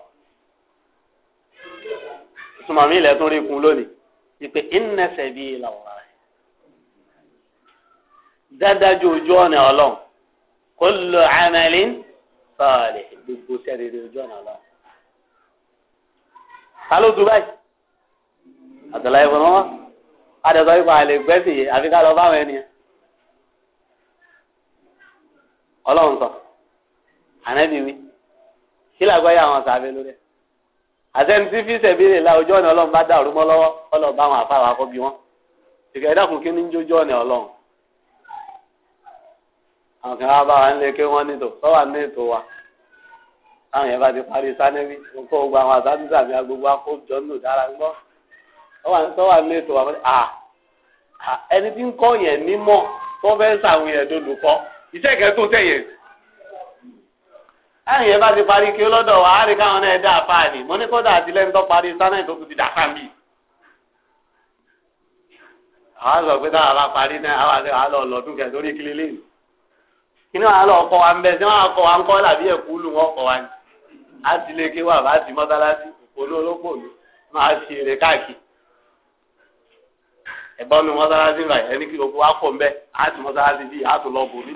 ìtumọ̀ mi ilẹ̀ tún rí kun lónìí ìpè ìnẹsẹ̀ bíi làwòrán rẹ̀ dádájú ojú ọ̀nà ọlọ́run kullu amalin salih gbogbo sẹ́rẹ̀rẹ̀ ojú ọ̀nà ọlọ́run. ta ló dùn báyìí àtàlàyé fún wọn adàtọ̀ ìfọ̀ àlè gbẹ́sì àfi lọ bá àwọn ènìyàn. ọlọ́run sọ ànábì wí kí làgbáyà àwọn sàbẹ lórí ẹ àtẹni tí fi sẹbìrì la ojú ọ̀nà ọlọ́run bá dá òru mọ́ lọ́wọ́ ọlọ́run bá àwọn afáwà kọ́ bí wọ́n ìgbà ẹ̀dá kún kí ní jójú ọ̀nà ọlọ́run àwọn kan bá wa ń lé ké wọ́n nítò sọ́wà ní ètò wa táwọn yẹn bá ti parí sánẹ́bí kó gbogbo àwọn àtàdúrà mi gbogbo akójọ nù dára gbọ́ sọ́wà ní ètò wa à ẹni tí ń kọ́ yẹn nímọ̀ tó fẹ́ sàwọn yẹn dolùkọ́ iṣẹ́ kẹ́tù tẹ̀yẹ̀. ẹ̀yìn yẹn bá ti parí kí lọ́dọ̀ wa á káwọn náà dá àfa mo ní kó dà sí lẹ́nu tó parí sánáì tó ti dà sáàmì. àwa sọ pé táwa bá parí náà àwa sọ àlọ́ ọ̀lọ́dún kẹ̀ lórí kílé lẹ́yìn. kí ni wàá lọ ọkọ wa ń bẹ sí wọn akọ wa ń kọ́ làbí ẹ̀kú lù wọn ọkọ wa ni. á ti lè ké wà bá ti mọ́tálásí òpólú olókòlù máa ṣe eré káàkiri ẹ̀gbọ́n mi mọ́sálásí báyìí ẹni kí gbogbo wa kọ̀ ń bẹ́ á ti mọ́sálásí bíi á tún lọ bòmí.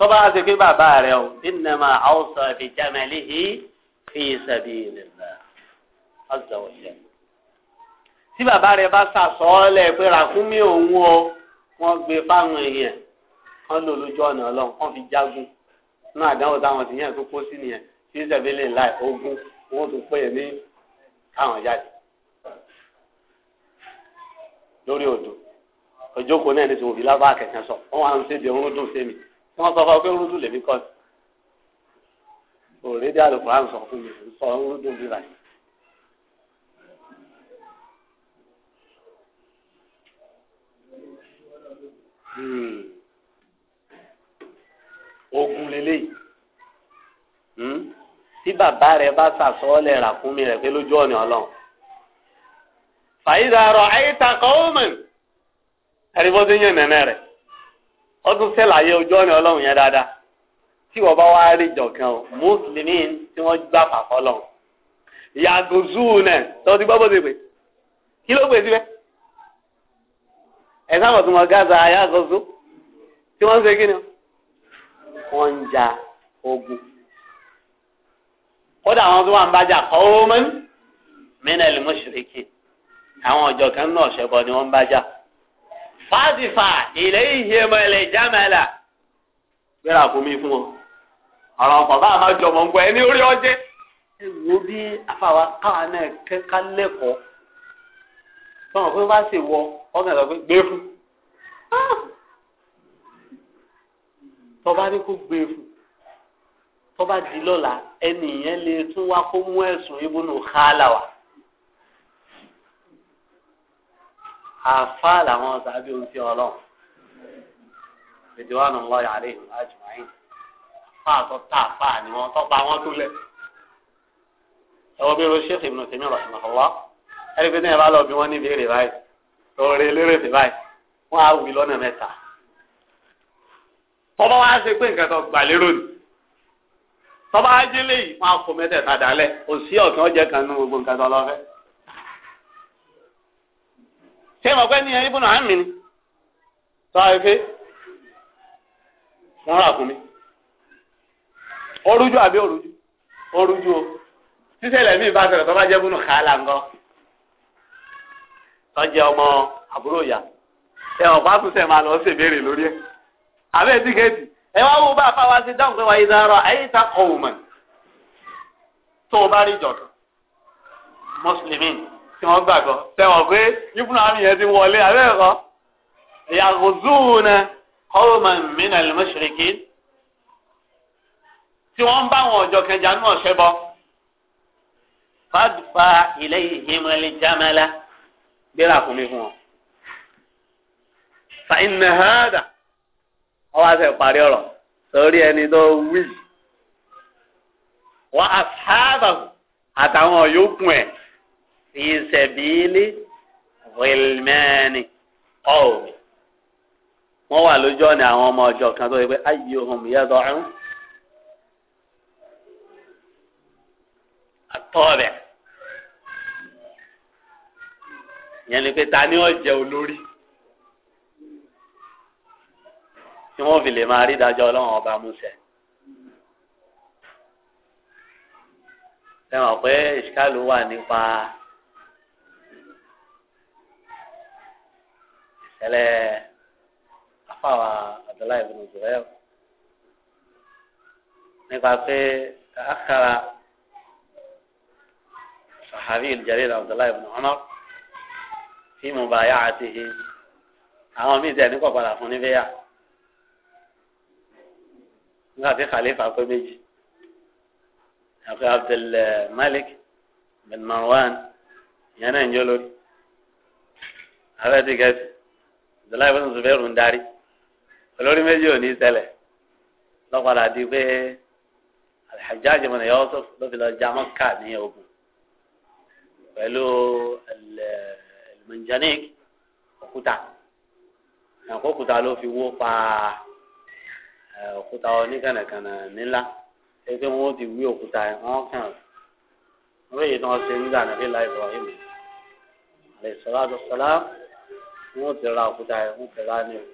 tọ́ba ṣe pé bàbá rẹ o innama awsa fi jamalihi fi sabilillah azza wa jalla. tí bàbá rẹ bá ṣàsọ́ọ́lẹ̀ pé ràkúnmí òun o wọ́n gbé fáwọn èèyàn wọ́n lò lójú ọ̀nà ọlọ́run wọ́n fi jagun náà àdánwò táwọn ti yàn tó kó sí nìyẹn fi sabilillah ogun wọ́n tún pè é ní káwọn jáde lórí odò òjókòó náà ní ti fi lábá akẹ́kẹ́ sọ wọ́n wá ń ṣe bí òun dùn sí mi wọ́n sọ fún ọ pé rúdù lèmi kọ́ òrè dí àlùkò à ń sọ fún mi sọ rúdù bí báyìí. Hmm. ogun lélẹ́yìí hmm. tí bàbá rẹ̀ bá sàsọ́ọ́lẹ̀ ràkúnmi rẹ̀ pé lójú ọ̀nà ọlọ́run. fàyídà rọ̀ ayé ta kọ́ ẹ̀rí bó ti yàn rẹ̀ ó tún sẹ́láyé ojú ọ̀nà ọlọ́run yẹn dáadáa tí wọ́n bá wá rí jọ̀kan o mùsùlùmí tí wọ́n gbà pàpọ̀ lọ. yàgò zuu nẹ tọ́ ti gbọ́ bó ti pè kí ló pè síbẹ̀ ẹ̀ sábà tó mọ gáàsà ayáàgò zuu tí wọ́n ń ṣe kí ni wọ́n ń ja ogun. kódà àwọn tó wà ń bájà kọ́ ọ́ mọ́ni mínà lè mú ṣìríkì àwọn ọ̀jọ̀kan náà ṣẹ̀bọ̀ ni wọ́n ń bájà fàdífà ilé ìhìẹmọ ilẹ̀ ìjámẹ́lá gbéra fún mi fún ọ ọ̀rọ̀ ọkọ̀ bá a máa jọ mọ̀ ń gbọ́ ẹni orí ọjẹ́. ẹ wo bí afáwa káwa náà kẹ́ka lẹ́kọ̀ọ́ tọ́wọ́n fún bá sì wọ ọ̀gá ìgbà pé gbé fún ah! tọ́ba ní kó gbé fún tọ́ba di lọ́la ẹnìyẹn lè tún wá kó mú ẹ̀sùn ibùnú kálá wa. àfa làwọn sàbí ohun tí ọlọ́run ìdíwọ́n àwọn ọlọ́yà àlẹ́yìn àjùmáyìn fáàtọ́ tá àfa ni wọ́n tọ́pa wọn tó lẹ̀ ẹ̀wọ́n bí wọ́n ṣèṣì ìbùnú tèmi ọ̀rọ̀ ṣùgbọ́n ọ̀wá ẹ̀rí pé náà bá lọ bí wọ́n ní ìbéèrè báyìí lórí elérèfé báyìí wọ́n á wí lọ́nà mẹ́ta tọ́ba wá ṣe pé nǹkan tó gbà lérò ni tọ́ba á léyìí wọ́n á fò mẹ́tẹ̀ẹ̀ta dálẹ̀ òsì ọ̀kan ọ̀jẹ̀ ṣé mo pẹ́ ní ẹni bùnà àmì ni sọ àìfẹ́ wọ́n rà fún mi orújú àbí orújú orújú o sísẹ̀lẹ̀ mi bá sọ̀rọ̀ tó bá jẹ́ bùnà kàálà ńgọ́ tọ́jẹ́ ọmọ àbúrò ìyá ẹ ọ̀pá tún sẹ̀ máa lọ ṣe béèrè lórí ẹ̀ àbẹ́ ẹtíkẹ́ẹ̀tì ẹ wá wo bá a fa wá sí dáhùn pé wáyé dáhùn ayé ta kọ̀ wùmọ̀ tó o bá rí tí wọ́n gbàgbọ́ tẹ̀wọ̀n pé yíkùn náà mi yẹn ti wọlé abẹ́ ẹ̀kọ́ yàgòzúùnà kọ́ọ̀mà mìíràn lẹ́mọ̀ṣẹ̀rẹ̀kì tí wọ́n bá wọn ọ̀jọ̀ kẹjà ní ọ̀ṣẹ́ bọ́ fàdùfà ilé ìhìnmọ̀lẹ̀ jámẹ́lá gbéra kò lè fún wọn. fàìnà hàdà ọwọ́ àti ìparí ọ̀rọ̀ sórí ẹni tó wí wọ́n àfáàbàbò àtàwọn yòókù ẹ̀ fi sẹ̀bílì rìlmẹ́ni ọ̀wì. wọ́n wà lójú ọ̀nà àwọn ọmọ ọjọ́ kan tó yẹ pé ayé ohun ìyàtọ̀ ọ̀hún. àtọ́ọ̀bẹ̀. ìyẹn ni pé ta ni ó jẹ́ olórí. tí wọ́n fi lè máa rí ìdájọ́ ọlọ́run ọba múṣẹ. ẹ mọ̀ pé ìṣíkàlù wà nípa. kale afa wa abdullahi ibn zubayr nikaasi ka akhara صحابي الجليل عبد الله بن عمر في مبايعته عامل ميزة نكو قد أخوني بيا نغفي خليفة أكو بيجي أخي عبد الملك بن مروان ينا نجلو هذا دي قاسي ìdọ́lá ìbọn zubairu ń darí olórí méjì ò ní ṣẹlẹ̀ lọ́padà di pé alhajjaj ibn Yusuf ló fi lọ já mọ́kà ní ogun pẹ̀lú almanjanik òkúta ẹ̀kọ́ òkúta ló fi wó pa òkúta oníkànnàkànnà nílá pé wọ́n ti wí òkúta wọn kàn wọ́n yìí tí wọ́n ṣe ń gbà nàbí láì bọ̀ ọ̀hìn mi àlè sọ́lá tó sọ́lá wọ́n ti ra òkúta yẹn wọ́n ti ra ní o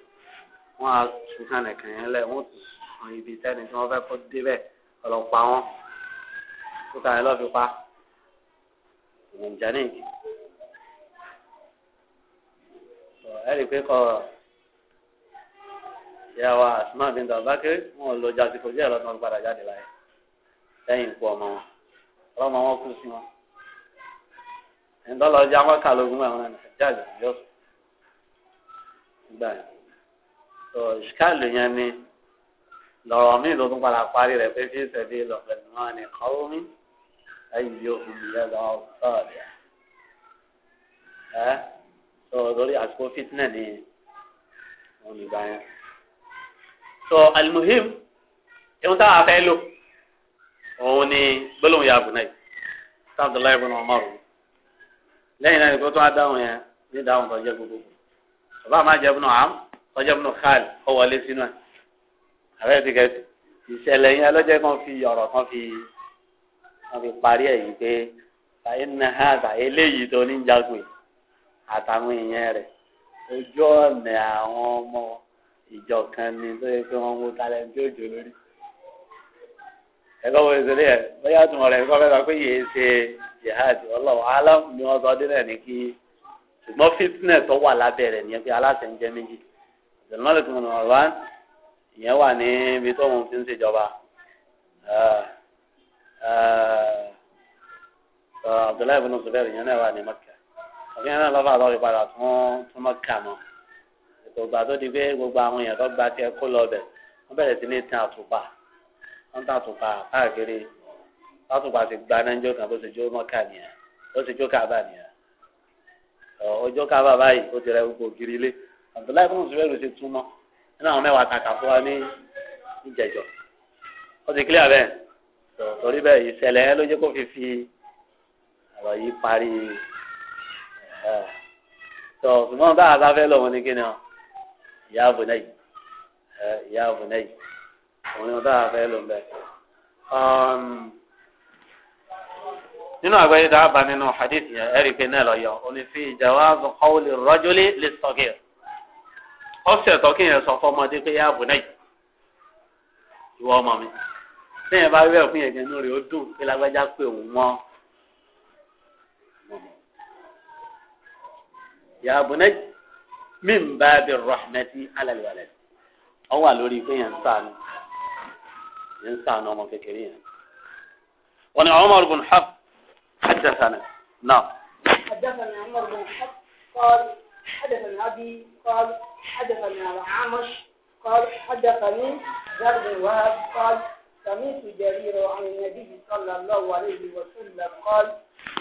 wọ́n á tún kànẹ̀ kàn yẹn lẹ̀ wọ́n ti sùn ibi sẹ́ni tí wọ́n fẹ́ kó débẹ̀ ọlọ́pàá wọn òkúta yẹn lọ́ọ́ fi pa ìmọ̀jánì ẹ̀rí pé kọ́ ìyá wa àsùnmọ́ àbíńdà bákẹ́rẹ́ wọn lọ jáde kò jẹ́ ẹ̀rọ náà jáde láyé lẹ́yìn ikú ọmọ wọn ọlọ́mọ wọn kú sí wọn ẹ̀ńdọ́lọ́jà wọn kà lógún àwọn ẹ̀ńdọ́lọ́jà yóò sùn gbà tó ìṣkáàlù yẹn ni lọ́rọ̀ mi ló tún padà parí rẹ̀ pé fi ṣẹ̀bi lọ́pẹ̀lú náà ni kọ́wọ́ mi ẹ̀yìn yóò fún mi lẹ́lọ́ sọ́ọ̀dì ẹ̀ tó lórí àsìkò fitna ni wọ́n mi gbà yẹn. tó alimuhim ìhun táwọn afẹ́ lò òun ni gbólóhùn yaabu náà sábà dọ́là ìbùnà ọmọ rò lẹ́yìn náà ni kó tó wá dáhùn yẹn ní dáhùn tó jẹ́ gbogbogbò bàbá máa jẹ bùnú àm ọjọ bùnú khal ó wọlé sínú ẹ àbẹ ti kẹsì ìṣẹ̀lẹ̀ yẹn lọjọ kan fi ọ̀rọ̀ kan fi kan fi parí ẹ yìí pé báyìí nà ha báyìí eléyìí tó ní jagun àtàwọn èèyàn rẹ̀ ojú ọ̀nà àwọn ọmọ ìjọ kan ni tó yẹ kí wọ́n mú tálẹ́ǹtì òjò lórí. ẹ̀kọ́ wo ìṣẹ̀lẹ̀ yẹn bóyá tùmọ̀ rẹ̀ kọ́ fẹ́ sọ pé yìí ṣe jihad wallahu alam ni wọ́n sọ dé ní kí ṣùgbọ́n fitness tó wà lábẹ́ rẹ̀ nìyẹn pé aláṣẹ ń jẹ́ méjì ìdánilọ́lẹ̀ tó mọ̀ wá ìyẹn wà ní ibi tó wọn fi ń ṣèjọba Abdullahi bin Zubair ìyẹn náà wà ní Mẹ́kà ọ̀gbìn náà lọ́fà lọ́ọ̀rì padà tún tún Mẹ́kà mọ́ ètò ìgbà tó di pé gbogbo àwọn èèyàn tó gba tiẹ̀ kó lọ bẹ̀ wọ́n bẹ̀rẹ̀ sí ní tan àtùpà wọ́n tan àtùpà káàkiri àtùpà ti gbaná jọ kan bó ṣe jó Mẹ́kà nìyẹn bó ṣe jó Káàbà nìyẹn ọjọ́ ká bàbá yìí ó ti rẹ gbogbo ògiri ilé abdullahi fún zubairu ṣe túmọ̀ nínú àwọn mẹ́wàá kàkà fún wa ní ìjẹ̀jọ́ ó ti kílíà bẹ́ẹ̀ torí bẹ́ẹ̀ ìṣẹ̀lẹ̀ ló jẹ́ kó fi fi ọ̀rọ̀ yìí parí tọ ṣùgbọ́n bá a bá fẹ́ lọ́wọ́ ní kíni ọ ìyá àbùnà yìí ìyá àbùnà yìí òun ni wọ́n bá a fẹ́ lọ́wọ́ bẹ́ẹ̀. Um, nínú àgbáyé dábàá nínú hadith yẹn ẹ̀rí pé náà lọ́yọ̀ onífi jawazu qawli rajuli lis-saghir ọ̀sẹ̀ tó kí yẹn sọ fọmọdé pé yá bunay ìwọ ọmọ mi lẹ́yìn bá wíwẹ̀ fún yẹn gan inú rẹ̀ ó dùn pé lágbájá pé òun mọ́ yá bunay min baabi rahmati ala al-walad ọ wà lórí pé yẹn ń sànù yẹn ń sànù ọmọ kékeré yẹn wọn ni Umar ibn Hafs. حدثنا نعم حدثنا عمر بن حفص قال حدثنا أبي قال حدثنا العامش قال حدثني زر بن قال سمعت جرير عن النبي صلى الله عليه وسلم قال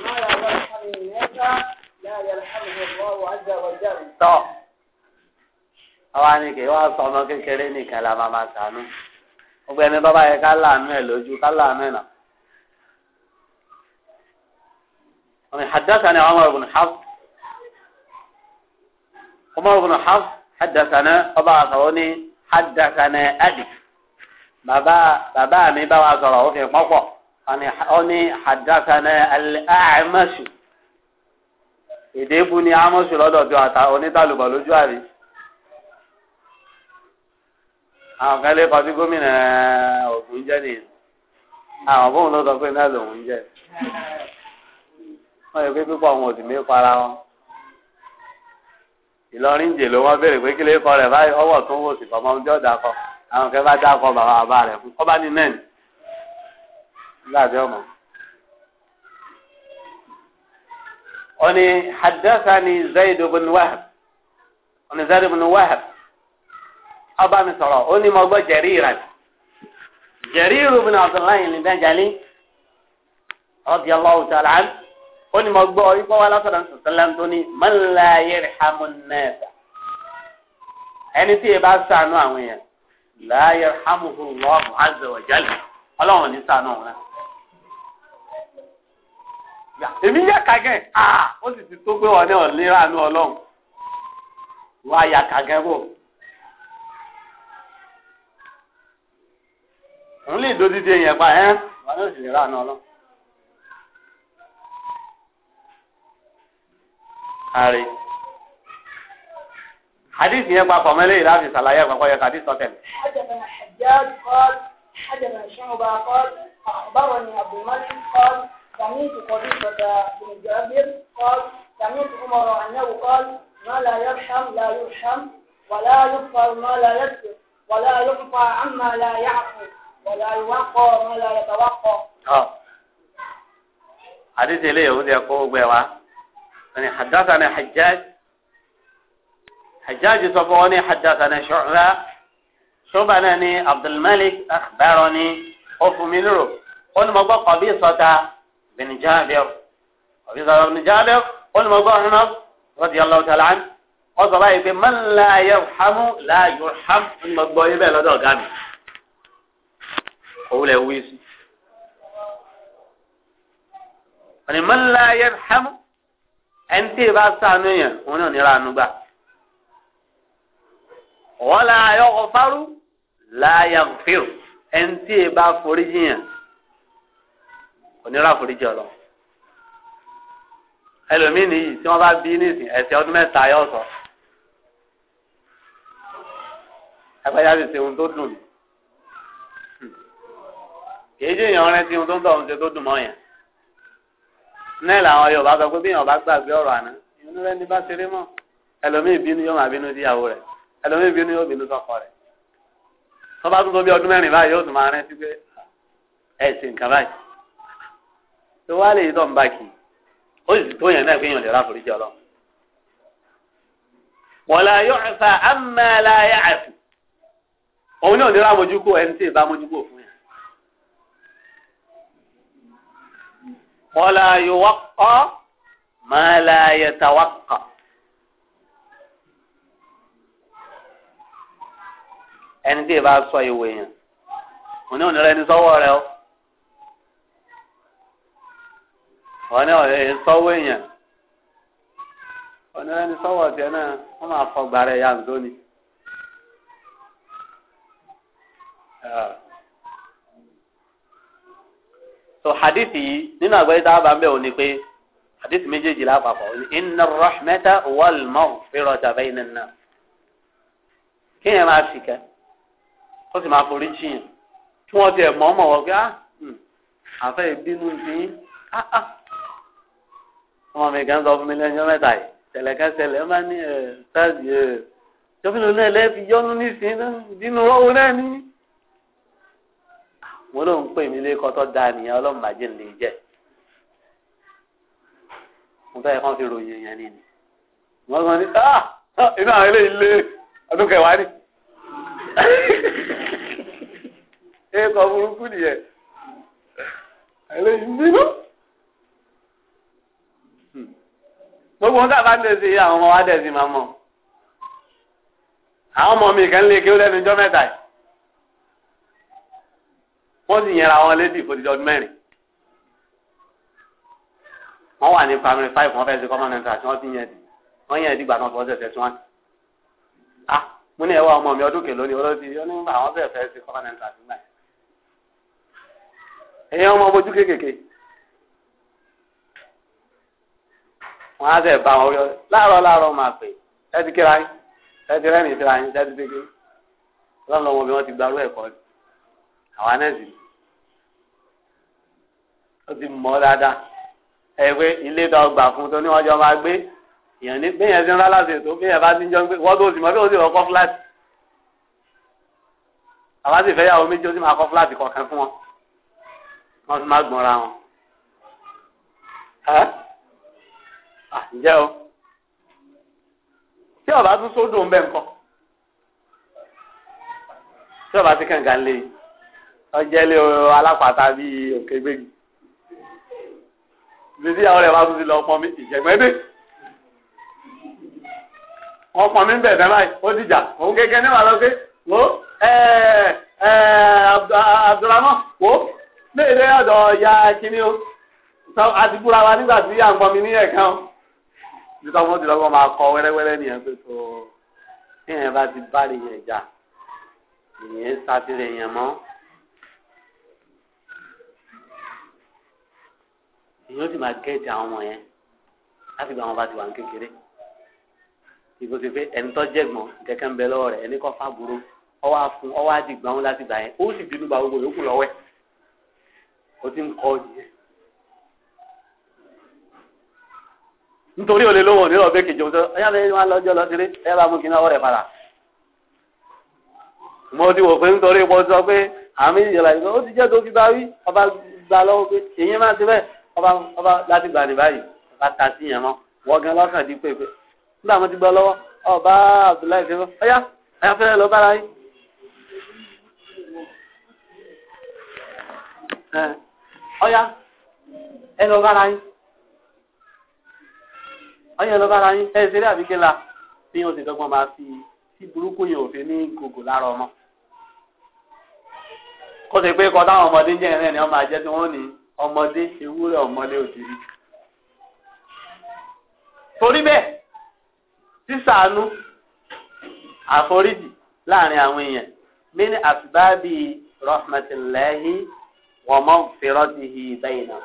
ما لا يرحم الناس لا يرحمه الله عز وجل. طب àwọn ni kì í wá sọ ọmọ kékeré nìkan la máa máa sànú gbogbo ẹni bàbá yẹ ká láàánú ẹ lójú ká láàánú ẹ náà حدثنا عمر بن حفص عمر بن حفص حدثنا طبعا ثواني حدثنا أبي بابا بابا مي بابا زرا اوكي مقو انا حدثنا ni amọ̀sù lọ́dọ̀ bí ata onítàlùbọ̀ lójú àrí gómìnà ògùn jẹ́ wọ́n yẹ pé púpọ̀ wọn ò sì ní para wọn. Ìlọrin jè ló wọ́n béèrè pé kí lè kọ rẹ̀ báyìí ọwọ́ tó ń wò sí fọmọ ọdún ọ̀dà kọ àwọn kẹfà dákọ bàbá bàbá rẹ̀ fún ọba ní nẹ́ẹ̀nì láti ọmọ. Ó ní haddathani Zaid ibn Wahab ó ní Zaid ibn Wahab ọba mi sọ̀rọ̀ ó ní mo gbọ́ jẹ̀rí ìrìn jẹ̀rí ìrìn ibn Abdullahi ní Bẹ́jálí radiyallahu ta'ala ó ní mo gbọ́ wípé wà lásọ̀rọ̀ sọ̀tẹ́lẹ̀ tó ní mọ́lá yẹrẹ hamúnẹ́ẹ̀dà ẹni tí ẹ bá sànú àwọn èèyàn láyé hamuhullahu azza wa jalla ọlọ́run ní sànú ọ̀hún náà. èmi yẹ kàgẹ́ ó sì ti tó pé wọn ní ọ̀lẹ́rànú ọlọ́run wọ́n á yà kàgẹ́ bò. òun lè dodidi èèyàn pa ẹ́ wọn yóò sì lè rànú ọlọ́run. ààrẹ hadith yẹn papọ̀ mẹ́lẹ́ yìí láti ṣàlàyé àpapọ̀ yẹn hadith sọ́tẹ̀. حدثنا حجاج قال حدثنا شعبة قال أخبرني أبو مالك قال سمعت قبيصة بن جابر قال سمعت عمر أنه قال ما لا يرحم لا يرحم ولا يغفر ما لا يذكر ولا يعفى عما لا يعفو ولا يوقى ما لا يتوقى. اه حديث eléyìí ó ti ẹ kó gbẹ wa. يعني حدثنا حجاج حجاج طبعاني حدثنا شعبة شبناني عبد الملك أخبرني خوف منه قل مضى قبيصة بن جابر قبيصة بن جابر قل مضى عمر رضي الله تعالى عنه قصر رأيك من لا يرحم لا يرحم من مضى يبال هذا قام قول ويسي من لا يرحم ẹni tí ìbá sànú yẹn òun náà nira ànú gbà wọ́n la ayọ́kọ̀ fárú láàyà fèrò ẹni tí ìbá foríjì yẹn onírà foríjì ọlọ ẹlòmíì nìyí tí wọ́n bá bí nísìn ẹ̀sẹ̀ ọdún mẹ́ta yóò sọ agbájáde ṣe ohun tó dùn kì í jẹ́ èèyàn rántí ohun tó ń tọ̀ ohun ṣe tó dùn mọ́ yẹn náà làwọn Yorùbá sọ pé bí èèyàn bá gbàgbé ọ̀rọ̀ àná inú rẹ ní bá ṣeré mọ́ ẹlòmíì bínú yóò máa bínú síyàwó rẹ ẹlòmíì bínú yóò bínú sọ́kọ rẹ tó bá tún tó bí ọdún mẹ́rin báyìí yóò tún máa rántí pé ẹ ṣe nǹkan báyìí tó wá lè tọ̀ ń bá kì í ó sì tó yẹn náà pé rà foríjì Ọlọ́run. wọ́lá yóò fa àmàlà yà àfù òun náà ní wọ́lá yòówá kọ́ máa la ẹni tí ì sọ ìwé yẹn òní òní rẹ ní rẹ o òní òní sọ́wọ́ èèyàn òní rẹ ní sọ́wọ́ tiẹ̀ náà wọ́n máa fọ gbàrẹ̀ Yeah. so hadithi yìí nínú àgbáyé tá a bá ń bẹ̀ wò ni pé hadithi méjèèjì lápapọ̀ inna rahmata wal maghfirata bainan nas kéèyàn máa fi kẹ́ ó sì máa forí jiyàn kí wọ́n ti ẹ̀ mọ́ mọ́ wọ́n pé á ah, hmm, àfẹ́ ìbínú ti yín áá ah, ah. ọmọ mi kan sọ fún mi lẹ́yìn mẹ́ta yìí tẹ̀lẹ̀ kan ṣẹlẹ̀ ó máa ní ẹ̀ sáàdì ẹ̀ jọ́fínlẹ̀ náà lẹ́ẹ̀fi yọ́nú nísìnyí bínú ọ̀hún náà ní mo ló ń pè mí lẹ́kọ́ tó da nìyẹn ọlọ́run bàjẹ́ lè jẹ́ mo tọ́ yẹ fi ròyìn yẹn ni ni wọ́n sọ ní ah, ah inú àwọn eléyìí lé ọdún kẹwàá ni ẹ̀kọ́ burúkú nìyẹn eléyìí nínú hmm. gbogbo wọn sábà ń lè ṣe àwọn ọmọ wa dẹ̀ sí máa mọ̀ àwọn ọmọ mi kan lè kí ó lẹ́nu jọ́ mẹ́ta yìí wọ́n sì yẹra wọn lédì fòdìdí mẹ́rin wọ́n wà ní primary five wọ́n fẹ́ẹ́ ṣe common entrance wọ́n ti yẹn di wọ́n yẹn di gbà náà fọ́sẹ̀ tẹ̀sí wọn. ah mo ní ẹwà ọmọ mi ọdún kèló ni olóòtú yóò ní àwọn fẹ́ẹ́ fẹ́ẹ́ ṣe common entrance nígbà yẹn. ẹ̀yin ọmọ ojú kékèké wọ́n á sẹ̀ bá wọn rí ọ láàárọ̀ láàárọ̀ máa pè ẹ ti kíra yín ẹ ti rẹ́rìn síra ẹ ti dégé lọ́nà ọmọ mi wọ́n ti gbarú ẹ̀kọ́ ni àwọn anẹ́sì ó ti mọ̀ dáadáa ẹ pé ilé tó gbà fún tó ní wọ́n jọ máa gbé èèyàn ní bẹ́ẹ̀ yẹn ti ń rálá sí ètò bẹ́ẹ̀ yẹn bá ti ń jọ gbé wọ́n tó sì mọ̀ bí ó sì rọ̀ kọ́ fúláàtì àwọn sì fẹ́ yàwó méjì ó sì máa kọ́ fúláàtì kọ̀ọ̀kan fún wọn wọ́n sì máa gbọ́nra wọn. ǹjẹ́ o tí ọba tún sódò ń bẹ̀ ń kọ́ tí ọba ti kànga lé yìí ọjẹlẹ alápàtà bíi òkè gbẹgbẹ bíbí àwọn rẹ wá tún ti lọ pọn mi ìjẹgbẹ dé wọn pọn mi ń bẹ bẹ báyìí ó dìjà òun kékeré ní wàá lọ pé wo ẹ ẹ Abdulrahman wo léèrè ọ̀dọ̀ ya kíní o sọ àdìbúra wa nígbà tí à ń pọn mi ní ẹ̀ka o nítorí wọn ti lọ wọn máa kọ wẹ́rẹ́wẹ́rẹ́ nìyẹn pé tó tíyẹn bá ti bá nìyẹn jà ìyẹn sátìrẹ yẹn mọ́. èèyàn sì máa gẹ́ẹ̀tì àwọn ọmọ yẹn láti gba àwọn bá ti wà ní kékeré ìbò ti pé ẹni tó jẹ̀gbọ́n kẹ̀kẹ́ ń bẹ lọ́wọ́ rẹ̀ ẹni kọ́ fàbúrò ọwọ́ afun ọwọ́ adìgbà wọn láti gbà yẹn ó sì bínú ba gbogbo yòókù lọ́wọ́ ẹ̀ ó ti ń kọ́ ọ nìyẹn. nítorí olè lówó òní lọ́ọ́ bẹ́ẹ̀ kejì ọ̀sẹ̀ ẹ̀yà bẹ́ẹ̀ máa lọ́jọ́ lọ sílé ẹ̀yà bá mú kí náà ọ̀rẹ́ padà. mo ti wò pé nítorí ipò sọ pé àmì ìyẹ̀lá ìgbà ó ti jẹ́ tó fi bá wí ọba gbà lọ́wọ́ pé èyí máa ti bẹ́ẹ̀ ọba ọba láti gbàdé báyìí ọba ta sí yẹn mọ wọ́n gan lọ́kàn di pé pé nígbà wọn ti gbọ́ lọ́wọ́ ọba Abdullahi fi fọ́ ọyá ẹ̀yà fẹ́rẹ̀ lọ bára yín. ọyá ẹ lọ bára yín ọyá ẹ lọ bára yín ẹ ṣeré àbíké la bí wọn ti dọ́gbọ́n máa fi tí burúkú yẹn ò fi ní gògò lára ọmọ kó ṣe pé kọ́ táwọn ọmọdé ń jẹ́ ni wọ́n máa jẹ́ tí wọ́n ní ọmọdé ewúrẹ́ ọmọlé òdìrí. torí bẹ́ẹ̀ sísàánú àforíjì láàrin àwọn èèyàn mini asibaabi rahmatulahi wọmọ fìrọdìhì bẹyìnà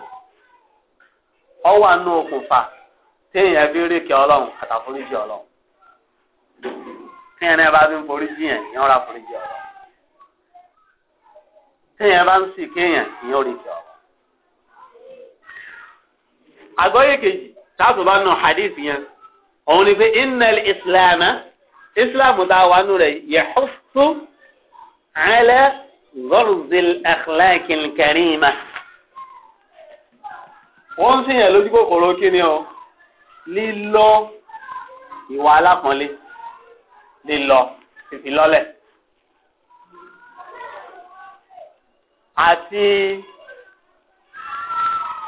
ọwọ àánú òkùnfà téèyàn bí rékè Ọlọ́run àtàforíjì Ọlọ́run téèyàn náà bá fi ń foríjì yẹn ìyẹn ó ra foríjì téèyàn bá ń sì kéèyàn ìyẹn ó rékè Ọlọ́run àgbọ́yé kejì táàtù bá nà hadith yẹn òun ni pé innal islam islam tá a wà nù rẹ̀ yahussu ala gharzil akhlaqil karima. wọ́n ń sìn lójú kòkòrò kíni o lílọ ìwà alápọ̀nlé lílọ ìfilọ́lẹ̀ àti.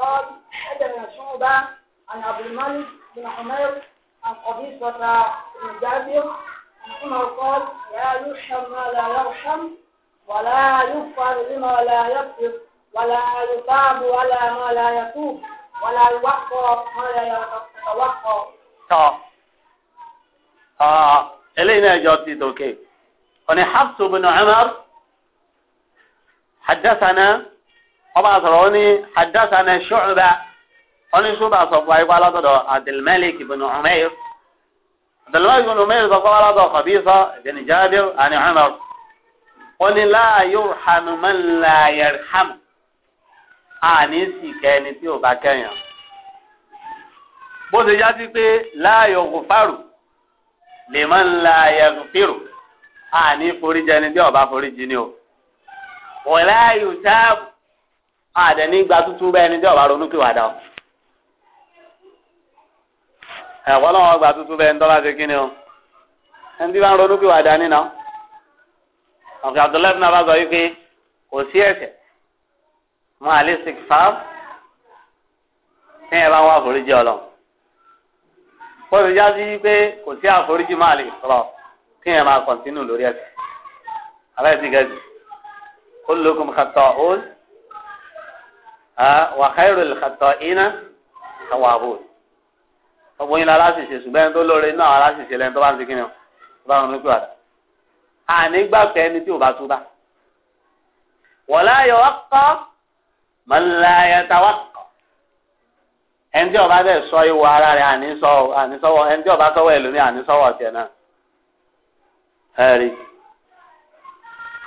قال حدثنا الشعوبة عن عبد الملك بن حمير عن قبيصة بن جابر عن عمر قال لا يرحم ما لا يرحم ولا يغفر لما لا يغفر ولا يتاب ولا ما لا يتوب ولا يوقع ما لا يتوقع. آه. آه. إلينا جاتي دوكي. أنا حفص بن عمر حدثنا ọba sọ̀rọ̀ ó ní haddathana Shu'ba ó ní Shu'ba sọ fún ayé wa látọ̀dọ̀ Abdulmalik ibn Umair Abdulmalik ibn Umair sọ fún wa látọ̀dọ̀ Khabisa ibn Jabir àni Umar ó ní la yurhamu man la yarham àní sì kẹ́ni tí ò bá kẹ́yàn bó ṣe já sí pé la yughfaru liman la yaghfiru àní foríjẹni tí ò bá foríjì ni o wala yutabu àdẹ nígbà tuntun bẹ́ẹ̀ ni tí ọba ronú kí wàá dá o. ẹ̀wọ́n náà wọ́n gba tuntun bẹ́ẹ̀ ni tọ́lá ṣe kí ni o. ẹni tí bá ń ronú kí wàá dá nínà. ọ̀sẹ̀ abdullahi náà bá sọ wípé kò sí ẹ̀ṣẹ̀ mọ àlẹ́ six five ní ẹ̀ bá ń wá àforíjì ọlọ́run. ó ti já sí wípé kò sí àforíjì máa lè sọ̀rọ̀ kí ẹ̀ máa kọ̀ntínú lórí ẹ̀ṣẹ̀. aláìsí gẹ̀ẹ́sì ó lókun kàtọ́ ó wà khairul khata'ina tawwabun ọgbọ́n yìí lára ṣìṣe ṣùgbọ́n ẹni tó lóore náà ara ṣìṣe lẹ́ni tó bá ń ṣe kíni o tó bá ń ronú pìwàdà. ànígbà pé ẹni tí ò bá túbà. wala yawqa man la yatawaqqa. ẹni tí ọba bẹ́ẹ̀ sọ ìwọ ara rẹ̀ ànísọ́wọ́ ẹni tí ọba sọ́wọ́ ẹlòmíì ànísọ́wọ́ ọ̀tẹ̀ náà. ẹ̀rí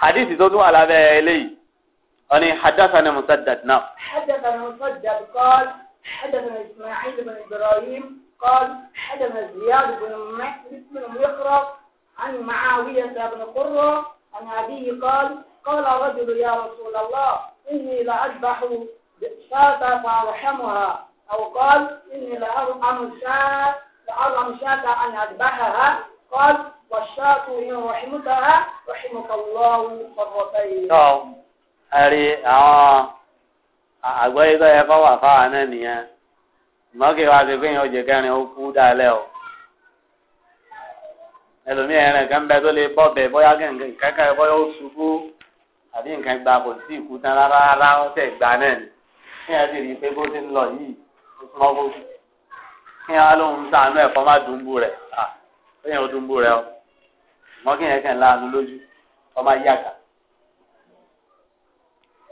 hadith tó tún wà lábẹ́ eléyìí أنا حدثنا مسدد نعم حدثنا مسدد قال حدثنا إسماعيل بن إبراهيم قال حدثنا زياد بن بن ميخرق عن معاوية بن قرة عن أبيه قال قال رجل يا رسول الله إني لأذبح شاة فأرحمها أو قال إني لأرحم شاة لأرحم شاة أن أذبحها قال والشاة إن رحمتها رحمك الله مرتين. نعم. ẹ̀rí àwọn àgbọ̀yé tó yẹ wà fáwọn náà nìyẹn mọ́kì wa ti fi hàn kẹrin ó kú dalẹ̀ o ẹlòmíì ẹ̀rìn kan bẹ tó lè bọ́ bẹ bóyá kankan bóyá ó ṣubú àbí nǹkan gba kò sí ìkú tán rárá rárá ó tẹ̀ gba náà ni kí ẹ sì rí i pé bó ti ń lọ yìí ó súnmọ́ kó kú kí ẹ wá lóhun sànú má dùnbù rẹ̀ ó yẹn ó dùnbù rẹ̀ o mọ́kì yẹn kàn láàánú lójú ọmọ yàgà.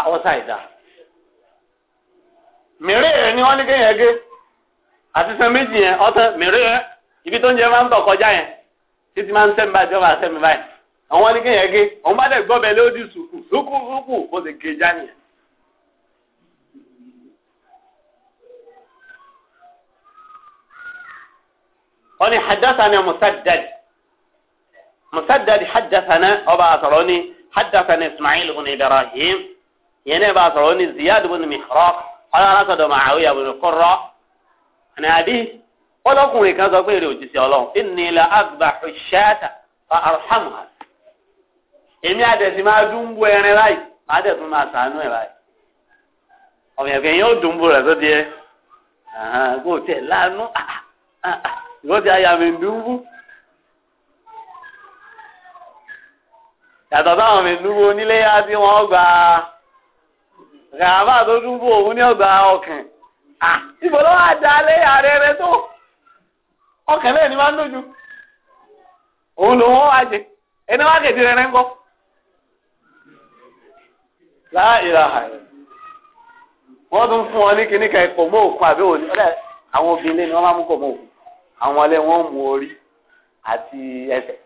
ọ̀sà ìdá. mìíràn yẹn ni wọ́n ní kéèyàn gé àti sàn méjì yẹn mìíràn ibi tó ń jẹ máa ń tọ̀ kọjá yẹn títí máa ń sẹ́mi báyìí sẹ́mi báyìí àwọn ní kéèyàn gé òun bá dẹ̀ gbọ́ sùkù gé já nìyẹn. yẹn náà bá sọ̀rọ̀ ní Ziyad bin Mikhraq ọlọ́run látọ̀dọ̀ Mu'awiya bin Qurra ẹni àbí ọlọ́kùnrin kan sọ pé èrè òjíṣẹ́ ọlọ́run inni la azbahu shata fa arhamha èmi àdẹ̀sí máa dún bú ẹrin láì máa dẹ̀ tún O mi dùn yàtọ̀ táwọn mi dùn onílé yá ràbà tó tún bú òun ní ọgbà ọkàn ìbò ló wà dá lé ààrẹ rẹ tó ọkàn lẹ́yìn ni máa ń lójú òun lòun wọ́n wá jẹ ẹni wá kẹ̀dí rẹ rẹ ń gbọ́. láìra wọ́n tún fún ọ ní kíní kan ẹ̀kọ́ mọ́ òkun àbí òní ọ̀dà àwọn obìnrin ni wọ́n máa mú kọ̀ mọ́ òkun àwọn ọlẹ́ wọn mú orí àti ẹsẹ̀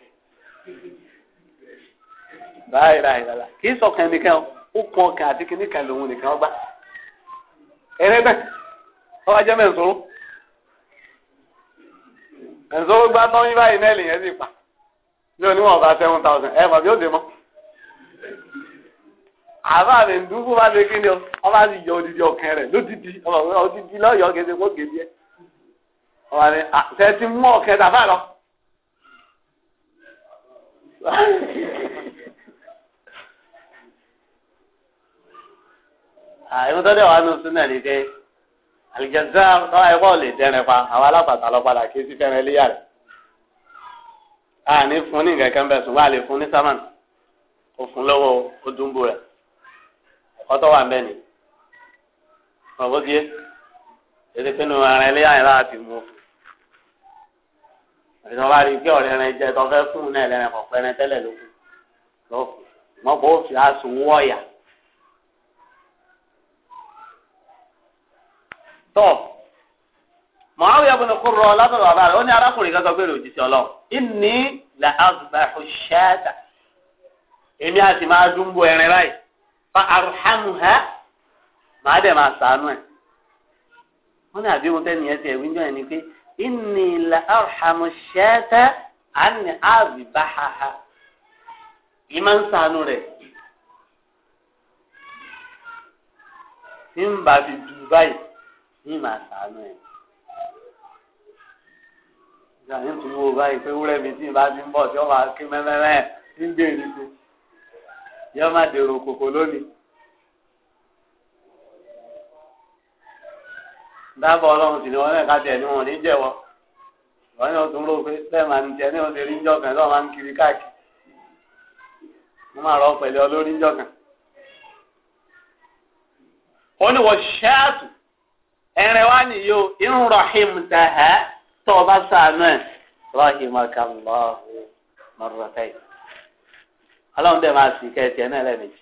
láìra ìlàlà kì í sọkàn o ó kun ọkàn àti kíní kan lòun nìkan ọgbà ẹrẹbẹ ọba jẹ mẹsòrò mẹsòrò gbá tán yín báyìí nẹẹlì yẹn sì pa bí oníwọ̀n bá seven thousand ẹ mọ̀ bí ó ṣe mọ́ àbá mi dúkú bá ṣe kí ni ọ ọba sì yọ odidi ọkàn rẹ lódìdí ọba odidi lọ́yọ̀ọ́ kẹsẹ̀ kó gèdè ẹ ọba ni àtẹ ti mú ọkàn tàbá lọ. àìmọ́ tó dé wàá nù sínú ẹ̀ ní pé àlìjẹ̀dá tọ́wọ́ ẹ̀kọ́ lè dẹrẹ pa àwọn alápàtà lọ kí sí fẹ́rẹ́ léyà rẹ̀ àní fún ní nǹkan kan bẹ̀ sùn wà lè fún ní sámàn kò fún lọ́wọ́ ojúmbò rẹ̀ ẹ̀kọ́ tó wà ń ni ọ̀bọ̀ díẹ̀ ètò ìpinnu ẹ̀rẹ̀ léyà rẹ̀ láti mú fún àti wọn bá rí pé ọ̀rẹ́ rẹ̀ jẹ́ tó fẹ́ fún un náà lẹ́rẹ̀ pọ̀ pẹ́rẹ́ tẹ́lẹ̀ lókun lọ́kùn mọ́pọ̀ ó fi àsùn wọ̀ọ̀yà. tọ́ Muawiya bin Qurra látọ̀dọ̀ bàbá rẹ̀ ó ní ara kan sọ pé òjíṣẹ́ ọlọ́run inni la azbahu shata èmi àti máa dúnbò ẹrin báyìí fa arhamuha màá dẹ̀ máa sànú ẹ̀ wọ́n ní àbí mo tẹ́ nìyẹn tiẹ̀ wíńdò inni la arhamu shata fi yìí máa sàánú ẹ̀. ìgbà yìí tún wo báyìí pé wúrẹ́ mi si ì bá ti ń bọ̀ tí wọ́n máa ké mẹ́mẹ́mẹ́ ń gbèrè sí yóò má dèrò kòkò lónìí. dábọ̀ ọlọ́run sì ni wọ́n náà ká tẹ̀ ní wọn ní jẹ̀wọ́ ẹrẹ wa nìyí o irun rahim ta ha tó o bá sàánú ẹ rahimakallahu marratayn ọlọ́run dẹ̀ máa sì kẹ́ẹ̀tì ẹ̀ náà lẹ́ẹ̀mejì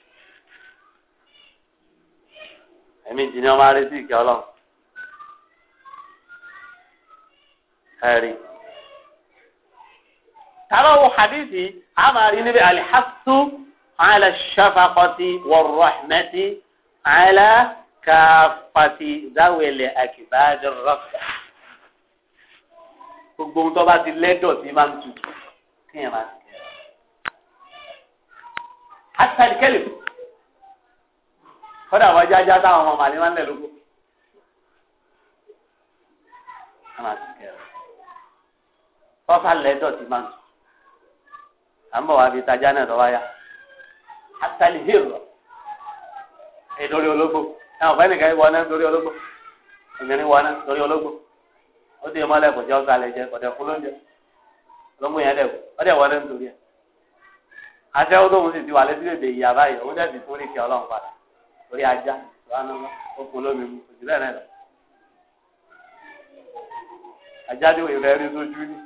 ẹ̀mí jìnnà ọmọ arẹ́sì ìkẹ́ ọlọ́run ẹ̀rí. tàbáwo hadithi a máa rí níbi alḥasu ala shafaqati wa rahmati ala. káfàtì dáwẹ̀lẹ̀ àkìbáàdọ̀ rọ́fà gbogbo ohun tó bá ti lẹ́dọ̀ tí máa ń tutù kéèyàn máa ti kẹ́rẹ́. asali kẹlẹ kọ́dà wọ́n jájá táwọn ọmọ màlẹ́ máa ń lẹ̀ lóko máa ti kẹ́rẹ́. tọ́fà lẹ́dọ̀ tí máa ń tutù à ń bọ̀ wá fi tajà náà lọ́wọ́ yá asali hìrọ̀ ẹ̀dọ́rẹ́ ológbò. ẹ ọ̀fẹ́ nìkan wọ náà torí ológbò obìnrin wọ náà torí ológbò ó ti mọ́lẹ̀ kò jẹ́ ọ̀sà lè jẹ kò fún lóúnjẹ ológbò yẹn dẹ̀ ó dẹ̀ náà nítorí ẹ̀ àṣẹ ó tóun sì ti wà padà ajá lómi mu lọ ajá rí sójú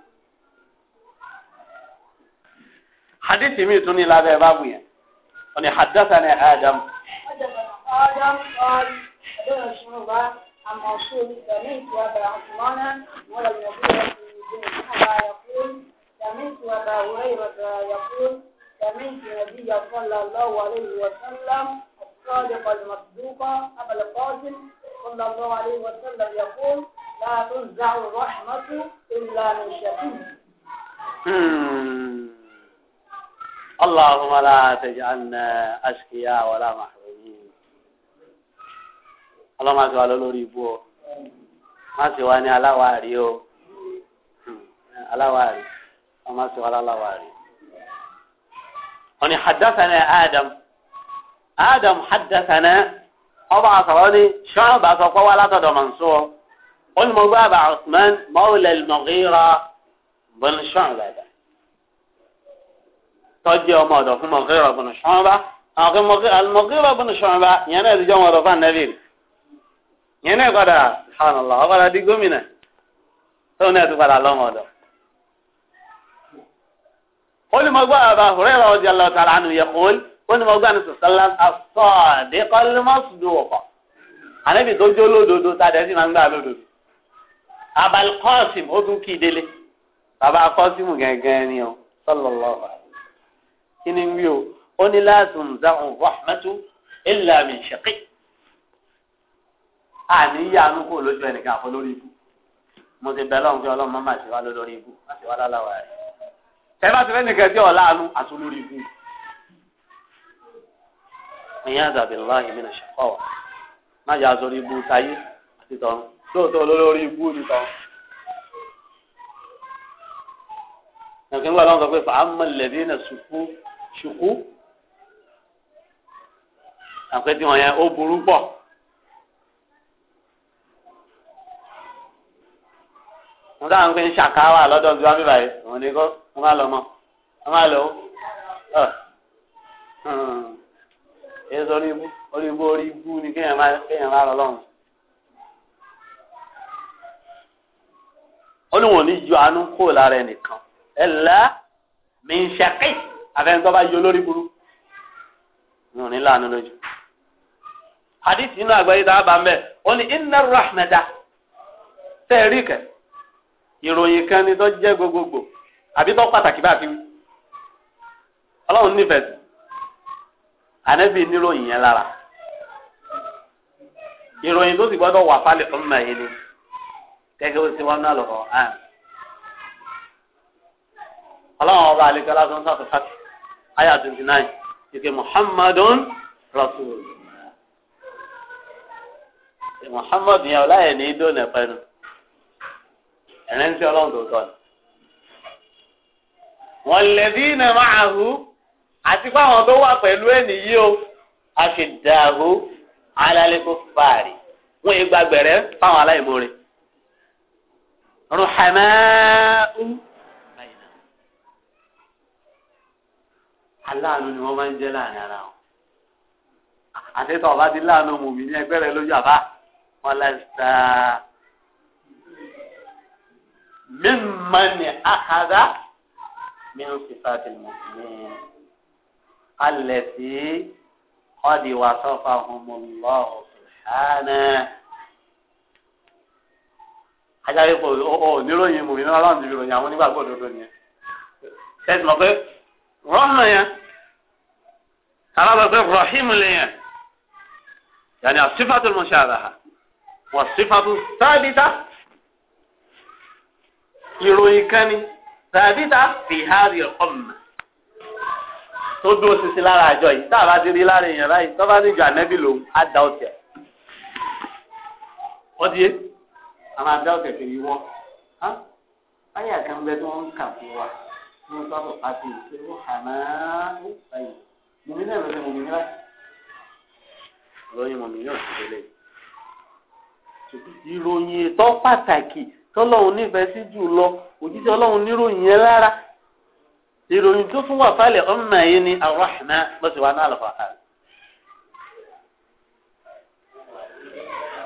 حديث ميتوني لا حدثنا آدم قال رسول الله عن سمعت ابا عثمان يقول سمعت ابا هريرة يقول سمعت صلى الله عليه وسلم ابا القاسم صلى الله عليه وسلم يقول لا تنزع الرحمة إلا من اللهم لا تجعلنا أشقياء ولا محرومين ọlọ́mọ àti wa lọ lórí ibú ọ má sì wá ní aláwárí o aláwárí ọmọ sì wá láláwárí. wọ́n ní haddathana Adam Adam haddathana ọba àtọ̀rọ̀ ni bá sọ pé wá látọ̀dọ̀ Mansur ó ní mo bá àbà Usman mawla al-Mughira bin Shu'ba tọ́jú ọmọ ọ̀dọ̀ fún Mughira bin Shu'ba àwọn Mughira bin Shu'ba yẹn náà ti jẹ́ ọmọ ọ̀dọ̀ fún anabi. yẹn náà padà hànàlá ọ padà di gómìnà tóun náà tún padà lọ́mọ ọ̀dọ̀. ó ní mo gbọ́ àbá Huraira radiyallahu ta'ala anhu yaqul ó ní mo gbọ́ àni sọ̀sálà as-sadiqul masduq ànábì tó jó lódodo tá a dẹ̀ sí máa ń gbà lódodo. Abal Qasim ó tún kí i délé bàbá Qasim gẹ́gẹ́ ni ọ sallallahu kí ni wí o ó ní la tunza'u rahmatu illa min shaqiy àníyá anú kò lójú ẹnìkan àfọ lórí ikú mo ti bẹ lọ́hùn pé ọlọ́run má má ṣe wá lórí ikú má ṣe wá láláwà rẹ̀ ẹ bá ti fẹ́ nìkan tí ọ̀la anú àti olórí ikú. ìyá àdàbí ńlá yìí ní ṣàkọ́ wa má yà sórí ibú táyé àti tọ̀run lóòótọ́ olórí ibú ni tọ̀run. ẹ̀kẹ́ ńgbà lọ́wọ́ sọ pé fàámà lẹ́bí náà ṣùkú ṣùkú àpẹtí wọn yẹn ó burú pọ̀. wọn táwọn fi ń ṣàkáwà lọ́dọ̀ tí wọ́n fi báyìí òun ni kó wọ́n má lọ mọ́ wọ́n má lọ ẹ sọ orí ibú orí ibú orí ibú ni kéèyàn má kéèyàn má lọ lọ́run. ó ní wọn ní ju àánú kó lára ẹnìkan ẹ lá mi ń ṣàkí àfẹnusọ bá yọ lórí burú ní òní láàánú lójú. hadith inú àgbáyé tá a bá ń bẹ̀ ó ní inna rahmata tẹ̀ rí ìròyìn kan ni tó jẹ́ gbogbogbò àbí tó pàtàkì bá a fi wí ọlọ́run nífẹ̀ẹ́ sí ànẹ́bí níròyìn yẹn lára ìròyìn tó sì gbọ́dọ̀ wà fálẹ̀ fún màá yìí ni gẹ́gẹ́ bó ti wọ́n náà lọ́kọ̀ àn ọlọ́run ọba àlejò aláṣọ sáfẹ́ fàkì àyà twenty nine ìpè muhammadun rasul muhammadu yẹn ọláyẹ̀ ní dóòlù ẹ̀fẹ́ nu ẹ̀rẹ́nsẹ́ ọlọ́run tó tọ́ ni. wọ́n lẹ́bí iná máa hu àti fáwọn tó wà pẹ̀lú ẹni yìí o a ṣe dàrú alálẹ́kọ̀ fàárì wọ́n yé gbàgbẹ̀rẹ́ fáwọn aláìmoore. ruhamahu aláàánú ni wọ́n máa ń jẹ́ láàrin ara wọn. àti ọba ti láàánú mùmí ní ẹgbẹ́ rẹ lójú àbá wọn lẹ́sà mímánì àhàdá min sifati muslimin alẹ́sí ọ̀dì wà sọ́fà ọmọlọ́ ọ̀sùnhánà. ajáde kò ó níròyìn mùmínú ọlọ́run ti fi ròyìn àwọn onígbàgbọ́ òdodo nìyẹn. tẹ́sí mọ̀ pé rọ́ọ̀nà yẹn tààrà sọ pé rọ́ọ̀hìm lèyẹn yàní àsífàtò mọ̀ṣáàdà wọ̀ sífàtò sábìtà ìròyìn kan ni tàbí ta fi hàrí ọmọ tó dúró sisi lára àjọ yìí tá a bá ti rí lára èèyàn báyìí tó bá ti jọ ànẹ́bí lòun á da ọ̀tẹ̀ wọ́n ti yé a máa da ọ̀tẹ̀ kiri wọ́n báyìí àkàn bẹ tí wọ́n ń kà fún wa ní wọ́n sábà pàṣẹ ìṣòro àná báyìí mùmí náà lọ́sẹ̀ mùmí náà lọ́yìn mùmí náà ti délé ìròyìn tó pàtàkì. tọ́lọ́hún nífẹ̀ẹ́ sí jù lọ òjíṣẹ́ ọlọ́hún níròyìn yẹn lára ìròyìn tó fún wà fálẹ̀ ọmọ yìí ni arọ́hìnà lọ́sọ̀wá náà lọ́fà á.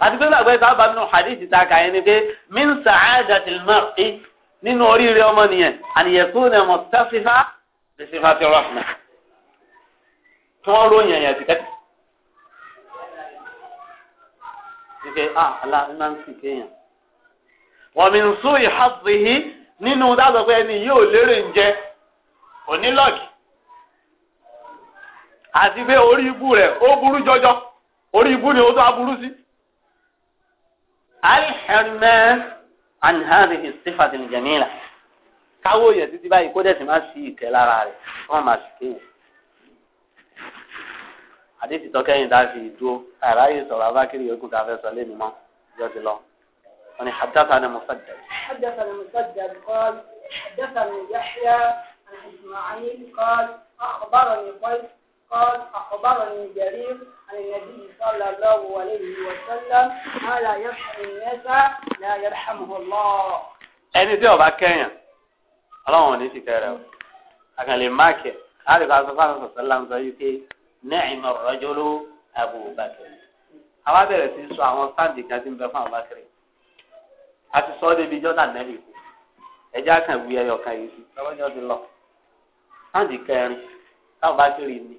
àti pẹ́lú àgbẹ̀ sábà nínú hadith ta kàyé ni pé min sa'adatil mar'i nínú oríire ọmọnìyàn àníyẹ̀kú ni mọ̀tàfífà lè wọ́n ṣe ah máa ń wọ́n mi ń sún ìhàbìhí nínú dáàbò ẹni yóò lérè ń jẹ onílọ́ọ̀kì àti pé orí ibu rẹ̀ ó burú jọjọ orí ibú ni ó tó aburú sí. alhẹ́rìmẹ́ anihari istifati nìjẹ̀míìlà káwó yẹ títí báyìí kó dẹ̀sí má sí ìkẹ́ lára rẹ̀ wọ́n má sì kéwò. àdéhìí tọ́kẹ́yìn dá fi dúró àìráyè sọ̀rọ̀ abákiri yòókù tá a fẹ́ sọ lé يعني حدثنا مسدد حدثنا مسدد قال حدثني يحيى عن اسماعيل قال اخبرني قيس قال اخبرني جرير عن النبي صلى الله عليه وسلم ما لا يرحم الناس لا يرحمه الله أين ذهب كينيا الله ما نسي كيرو لكن لي كي قال صلى الله عليه وسلم سيكي نعم الرجل أبو بكر هذا رسيس وعمل صندق هذا بفهم بكر a ti sọ ọ́ débi jọ́dá nẹ́bí kú ẹja kan wí ẹyọ kan yìí sí lọ́wọ́jọ́ ti lọ. sáǹdì kẹrin táwọn bá kiri ni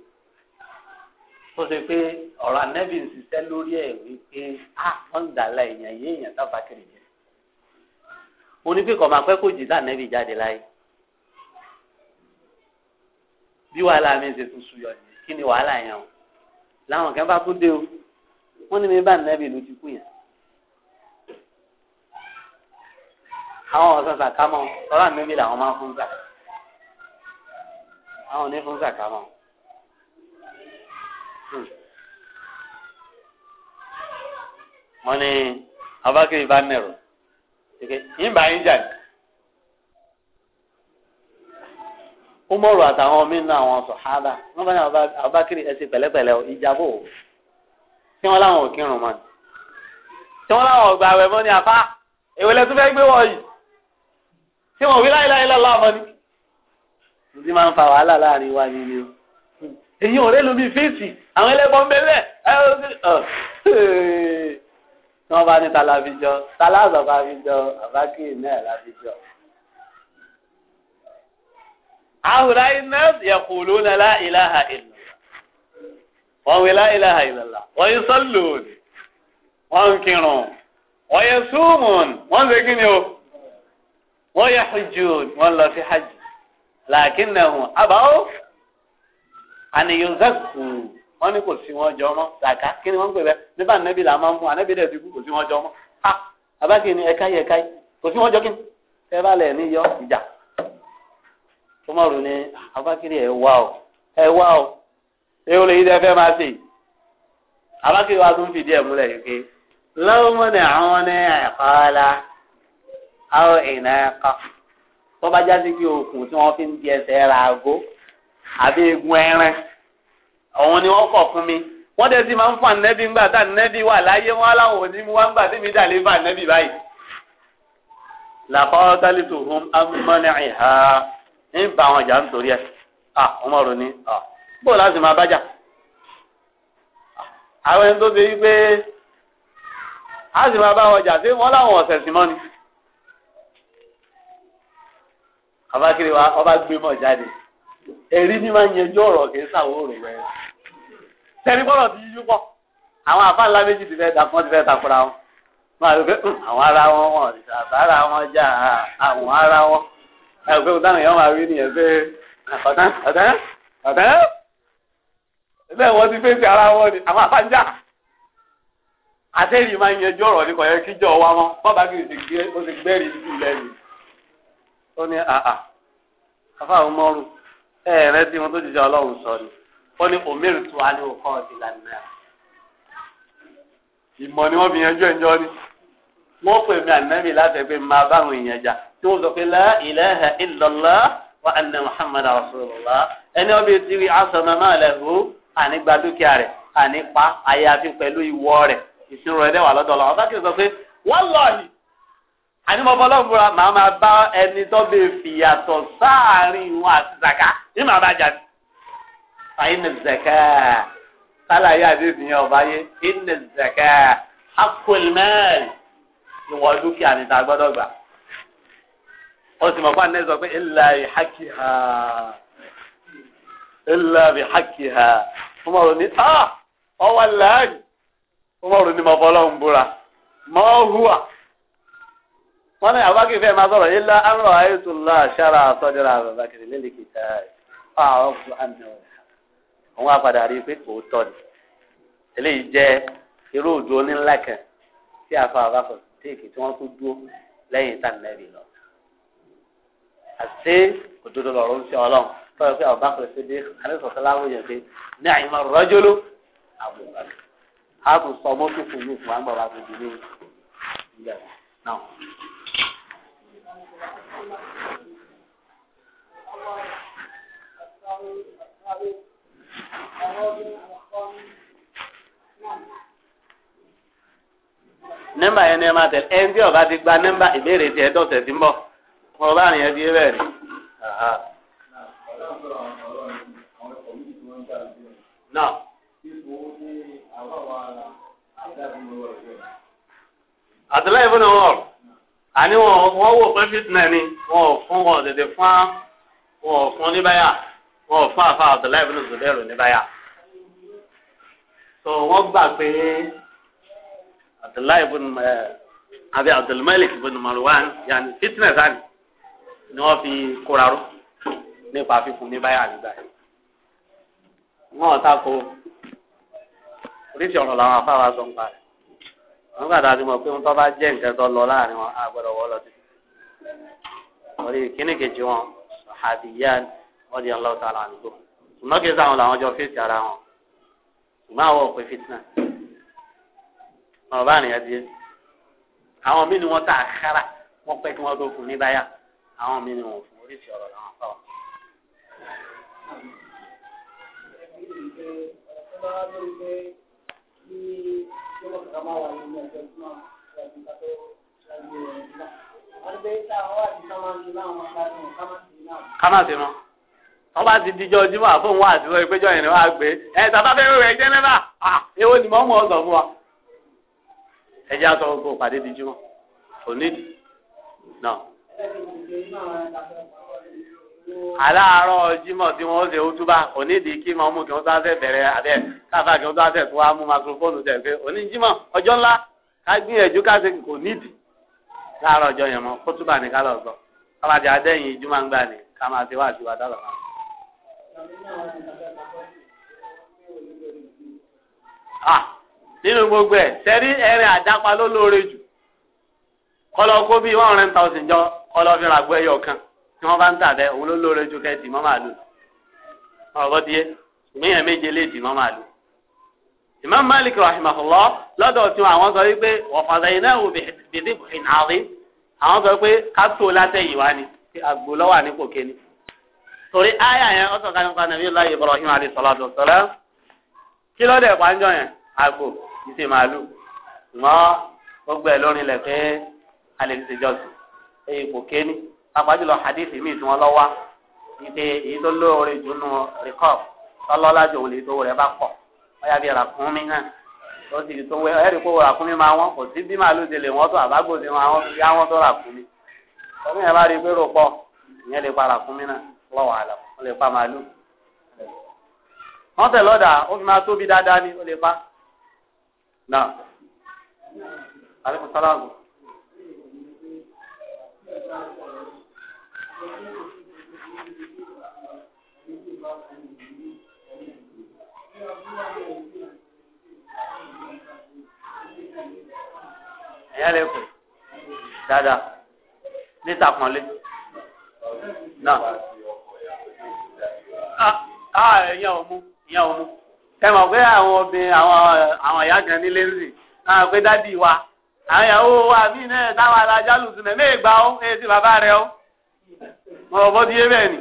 ó ṣe pé ọ̀rọ̀ anẹ́bí ń ṣiṣẹ́ lórí ẹ̀ wípé a wọ́n ń dàlá èèyàn yé èèyàn táwọn bá kiri jẹ́. mo ní pé kọ̀ọ̀mà pẹ́ kò jì sànẹ́bí jáde láyé. bí wàhálà mi ṣe tún suyọ ni kí ni wàhálà yẹn o láwọn kan bá dé o wọ́n ní mi bá nẹ́bí ló ti kú yẹn. àwọn ọ̀sán sàkámọ́ ọ̀rọ̀ àmì mi làwọn máa ń fún sàkámọ́ àwọn ní fún zaka mọ. Hmm. wọ́n ní abákiri bá nẹ̀rọ yín bá yín jà ní. umaru àtàwọn míín náà àwọn sọ̀hádà wọ́n bá ní abákiri ẹsẹ̀ pẹ̀lẹ́pẹ̀lẹ́ ìjàbọ̀ tí wọ́n láwọn ò kírun mọ́ ni. tí wọ́n láwọn ọ̀gbà àwẹ̀ mọ́ ni àfa èwe lẹ́tún fẹ́ gbé wọ̀ tí wọ́n wí láìláì lọ́la ọmọ ni. mo ti máa ń fa wàhálà láàrin wa ni ni o. èyí ọ̀rẹ́ ló bí fèsì àwọn ẹlẹ́gbọ́n bẹ́ẹ̀ ẹ tí wọ́n bá ní talabijọ́ talazọ̀ bá fi jọ àbákì náà labijọ́. àwòrán iná yẹ̀kù ló ń la ìlàhà ìlú wọ́n wí la ìlàhà ìlàlá wọ́n yẹ sọ́lùd wọ́n ń kírun wọ́n yẹ súnmùn wọ́n ń ṣe kí ni o wọ́n yẹ hujjú wọ́n lọ sí hajj làákín náà hùn àbáwò àníyànzẹ́kù wọ́n ní kò sí wọn jọ mọ́ làkà kí ni wọ́n ń pè bẹ́ẹ̀ nígbà nẹ́bí là máa ń fún ànẹ́bí dẹ̀ ti kú kò sí wọn jọ mọ́ a abákì ni ẹ̀ka yẹ ẹ̀ka yìí kò sí wọn jọ kí ẹ bá lẹ̀ ní yọ ìjà tó mọ̀ rò ẹ wá o ẹ wá o ẹ ò lè yí máa ṣe abákì wa tún fìdí ẹ̀ múlẹ̀ yìí pé lọ́wọ́ mọ́ni àwọn ní ẹ̀kọ́ la àwọn èèyàn ẹ̀ka tó bá jáde pé okùn tí wọ́n fi ń di ẹsẹ̀ ra aago àbí egun ẹran ọ̀hun ni wọ́n kọ̀ fún mi wọ́n dẹ̀ sì máa ń fún ànẹ́bí ńgbà tá ànẹ́bí wà láyé wọn aláwọ̀ òní mu wá ńgbà tí mi dà lé bá ànẹ́bí báyìí. làkọ́rọ́ tálí tó hun amúnmọ́ni ìhà ń bá àwọn ọjà nítorí ẹ̀ à ọmọ rò ní à bó láti máa bájà. àwọn ẹni tó ṣe wípé a sì máa bá àwọn ọjà tí wọ́n láwọn ọ̀sẹ̀ sí mọ́ni. abákiri wa ọba gbé mọ̀ jáde èrí ni máa ń yanjú ọ̀rọ̀ kì í sàwọ́ òrò rẹ̀ tẹ̀lé bọ́lọ̀ ti yíyú pọ̀ àwọn àfa ńlá méjì ti fẹ́ dàpọ̀ ti fẹ́ takura wọn hmm, wọn àti pé àwọn ara wọn wọn àbára wọn já àwọn ara wọn ẹ pé òtún àwọn èèyàn máa rí nìyẹn pé ọ̀tán ọ̀tán ọ̀tán bẹ́ẹ̀ wọ́n ti fèsì ara wọn ni àwọn àfa ń já àtẹ́rì máa ń yanjú ọ̀rọ̀ ní kọ̀yẹ́ kíjọ wa mọ́ bọ́ba kì ti gbẹ́rì ìlú lẹ́nu ó ní àà àfa àwọn ọmọọrù ẹ rẹ bí wọn tó jíjẹ Ọlọ́run sọ ni ó ní omeru tó wà ní òkọ ọdí lànà ìmọ̀ ni wọ́n fi yanjú ẹjọ́ ni wọ́n pè mí ànábì láti ẹgbẹ́ máa báwọn èèyàn jà tí wọ́n sọ pé la ilaha illallah wa anna muhammad rasulullah ẹni wọ́n bí ti rí aṣọ ànígbà dúkìá rẹ̀ ànípa àyàfi pẹ̀lú ìwọ rẹ̀ ìṣirò ẹ̀dẹ́wà lọ́dọ̀ ọ̀la ọ̀sá kì í sọ pé wallahi àní mo fọlọ́ fúnra màá máa bá ẹni tó bẹ fìyàtọ̀ sáàárín wọn àti zaka ní màá bá jáde. fàyínà zaka sálàyé àdébìyàn ọba yé ìnà zaka akọlmẹ́ẹ̀lì ìwọ dúkìá ni ta gbọ́dọ̀ gbà. ó sì mọ̀ fún àná sọ pé ìlà ìhákì ha ìlà ìhákì ha fún ọ̀rọ̀ ní ah, ọ̀wọ́ lẹ́yìn fún ọ̀rọ̀ ní mo fọlọ́ fúnra mọ́ hùwà wọ́n ní àbákí fẹ́ máa sọ̀rọ̀ ilá àrùn àìsùnlá ṣára àtọ́jọ́ra àbàbàkiri lè kìtà àwọn àmì òun àpàdà rí pé kò tọ́ ni eléyìí jẹ́ irú òjò onílá kan tí àfa àbáfọ̀ téèkì tí wọ́n kú dúró lẹ́yìn ìtànẹ́rì lọ. àti òdodo lọ́rọ̀ ń ṣe ọlọ́run tọ́jú pé àbáfọ̀ ṣe dé alẹ́sọ̀tọ́ láwùjọ pé ní àyìnbá rọ́jòló àbùbàkì àbùsọ̀ mọ́tò fún mi fún àgbà wa ìgbà náà. وأصحابه وأصحابه وراجل وأقوام نعم nọ́mbà yẹn ni ẹ máa tẹ̀lé ẹni tí ọba ti gba nọ́mbà ìbéèrè tiẹ̀ dọ̀tẹ̀ tí ń bọ̀ ọba àrùn yẹn ti bẹ́ẹ̀ ni. náà. àtúnlẹ̀ ìfúnni wọn àní wọn wò pé fitna ni wọn ò fún wọn tètè fún wọn ò fún níbàyà wọn ò fún àfa Abdullahi ibn Zubair ní báyà tó wọ́n gbà pé Abdullahi ibn abi Abdulmalik ibn Marwan yanni fitness àná ni wọ́n fi kóra ró nípa fífún ní báyà nígbà yìí wọn ò tako oríṣi ọ̀rọ̀ làwọn afáwa sọ ń pa rẹ̀ wọn gbàdá ti mọ̀ pé wọn tó bá jẹ́ nǹkan tó lọ láàrin wọn àgbẹ̀rọ̀ wọ́ lọ sí i. orí kíní kejì wọn sàhàbíyá wọ́n di ọlọ́wọ́ tá a lànà tó ṣùgbọ́n kí n sáwọn làwọn jọ fèsì ara wọn ṣùgbọ́n àwọn òpè fìtínà ọ̀rọ̀ bá nìyẹn di àwọn mí ni wọ́n tà àkàrà wọ́n pẹ́ kí wọ́n tó fún ní àwọn mí ni wọ́n fún oríṣi ọ̀rọ̀ làwọn fà wọ́n. kama sí mọ́ wọ́n ti dijọ́ jímọ̀ àfọ̀n wọn àti sọ ìpéjọ yẹn ni wọ́n á gbé ẹ̀ tàbá fẹ́ẹ́ rẹ̀ jẹ́ náà à èwo ni mọ́mú ọ̀sán fún wa. ẹ jẹ́ gbogbo pàdé di òní náà. aláàárọ̀ jímọ̀ tí wọ́n ṣe ojúbà òní di kí mọ́mú kí wọ́n tó àṣẹ bẹ̀rẹ̀ káfà kí wọ́n tó tó wá mú makrofóònù tẹ̀ pé òní jímọ̀ ọjọ́ ńlá ká gbìyànjú ká ṣe kò nídìí láàárọ̀ ọjọ́ yẹn mọ́ kótúbà ní ká lọ sọ kábàdì adẹ́yìn ìjùmọ̀ ń gbà ní ká máa ṣe wá àṣìwádà lọ́wọ́ nínú gbogbo ẹ̀ sẹ́rí ẹ̀rìn àdápa ló lóore jù kọ́lọ́ kó bíi one hundred thousand jọ kọ́lọ́ fi ràgbọ́ ẹyọ kan tí wọ́n bá ń tà bẹ́ẹ̀ òun ló lóore jù kẹ́sì mọ́ màálù ọ̀rọ̀ díẹ̀ ìmíyàn méje lè dì mọ́ màálù. Imam Malik rahimahullah lọ́dọ̀ tí àwọn sọ wípé ọ̀fàdà iná wò bìdí ìnáwó àwọn sọ pé ká tó látẹ̀yìn wá ni àgbò lọ́wọ́ àníkò kéni torí àyà yẹn ó sọ̀kan nípa nàbí ọlá Ibrahim alayhi salatu wassalam kí ló dé pàǹjọ yẹn àgbò ìṣe màálù ṣùgbọ́n gbogbo ẹ̀ lórí ilẹ̀ pé alẹ́ ti ṣèjọ́sìn èyí kò kéènì àpájùlọ hadith mi ìtumọ̀ lọ́wọ́ ìpè èyí tó lóore jù nù rìkọ́ọ̀ tọ́lọ́lá jòwò lè tó rẹ̀ bá pọ̀ ọ̀yà bíi ràkúnmí náà ó sì tó wẹ ẹ̀rí kó ràkúnmí máa wọ́n kò sí bí màálù ti lè wọ́n tó àbágbòsí wọn àwọn tó ràkúnmí ọdún yẹn bá rí i pé rò pọ̀ ìyẹn lè pa ràkúnmí náà lọ́wọ́ àlọ́ ó lè pa màálù wọ́n tẹ̀ lọ́dà ó fi máa tóbi dáadáa ni ó lè pa náà alẹ́kùn sáláàbù. ẹ̀yà lè kù dáadáa níta kan lé náà. ah ìyẹn ò mú ìyẹn ò mú ẹ mọ̀ pé àwọn obìnrin àwọn àwọn ìyá pé dádì wa wa ìgbà ó bàbá ó bẹ́ẹ̀ ni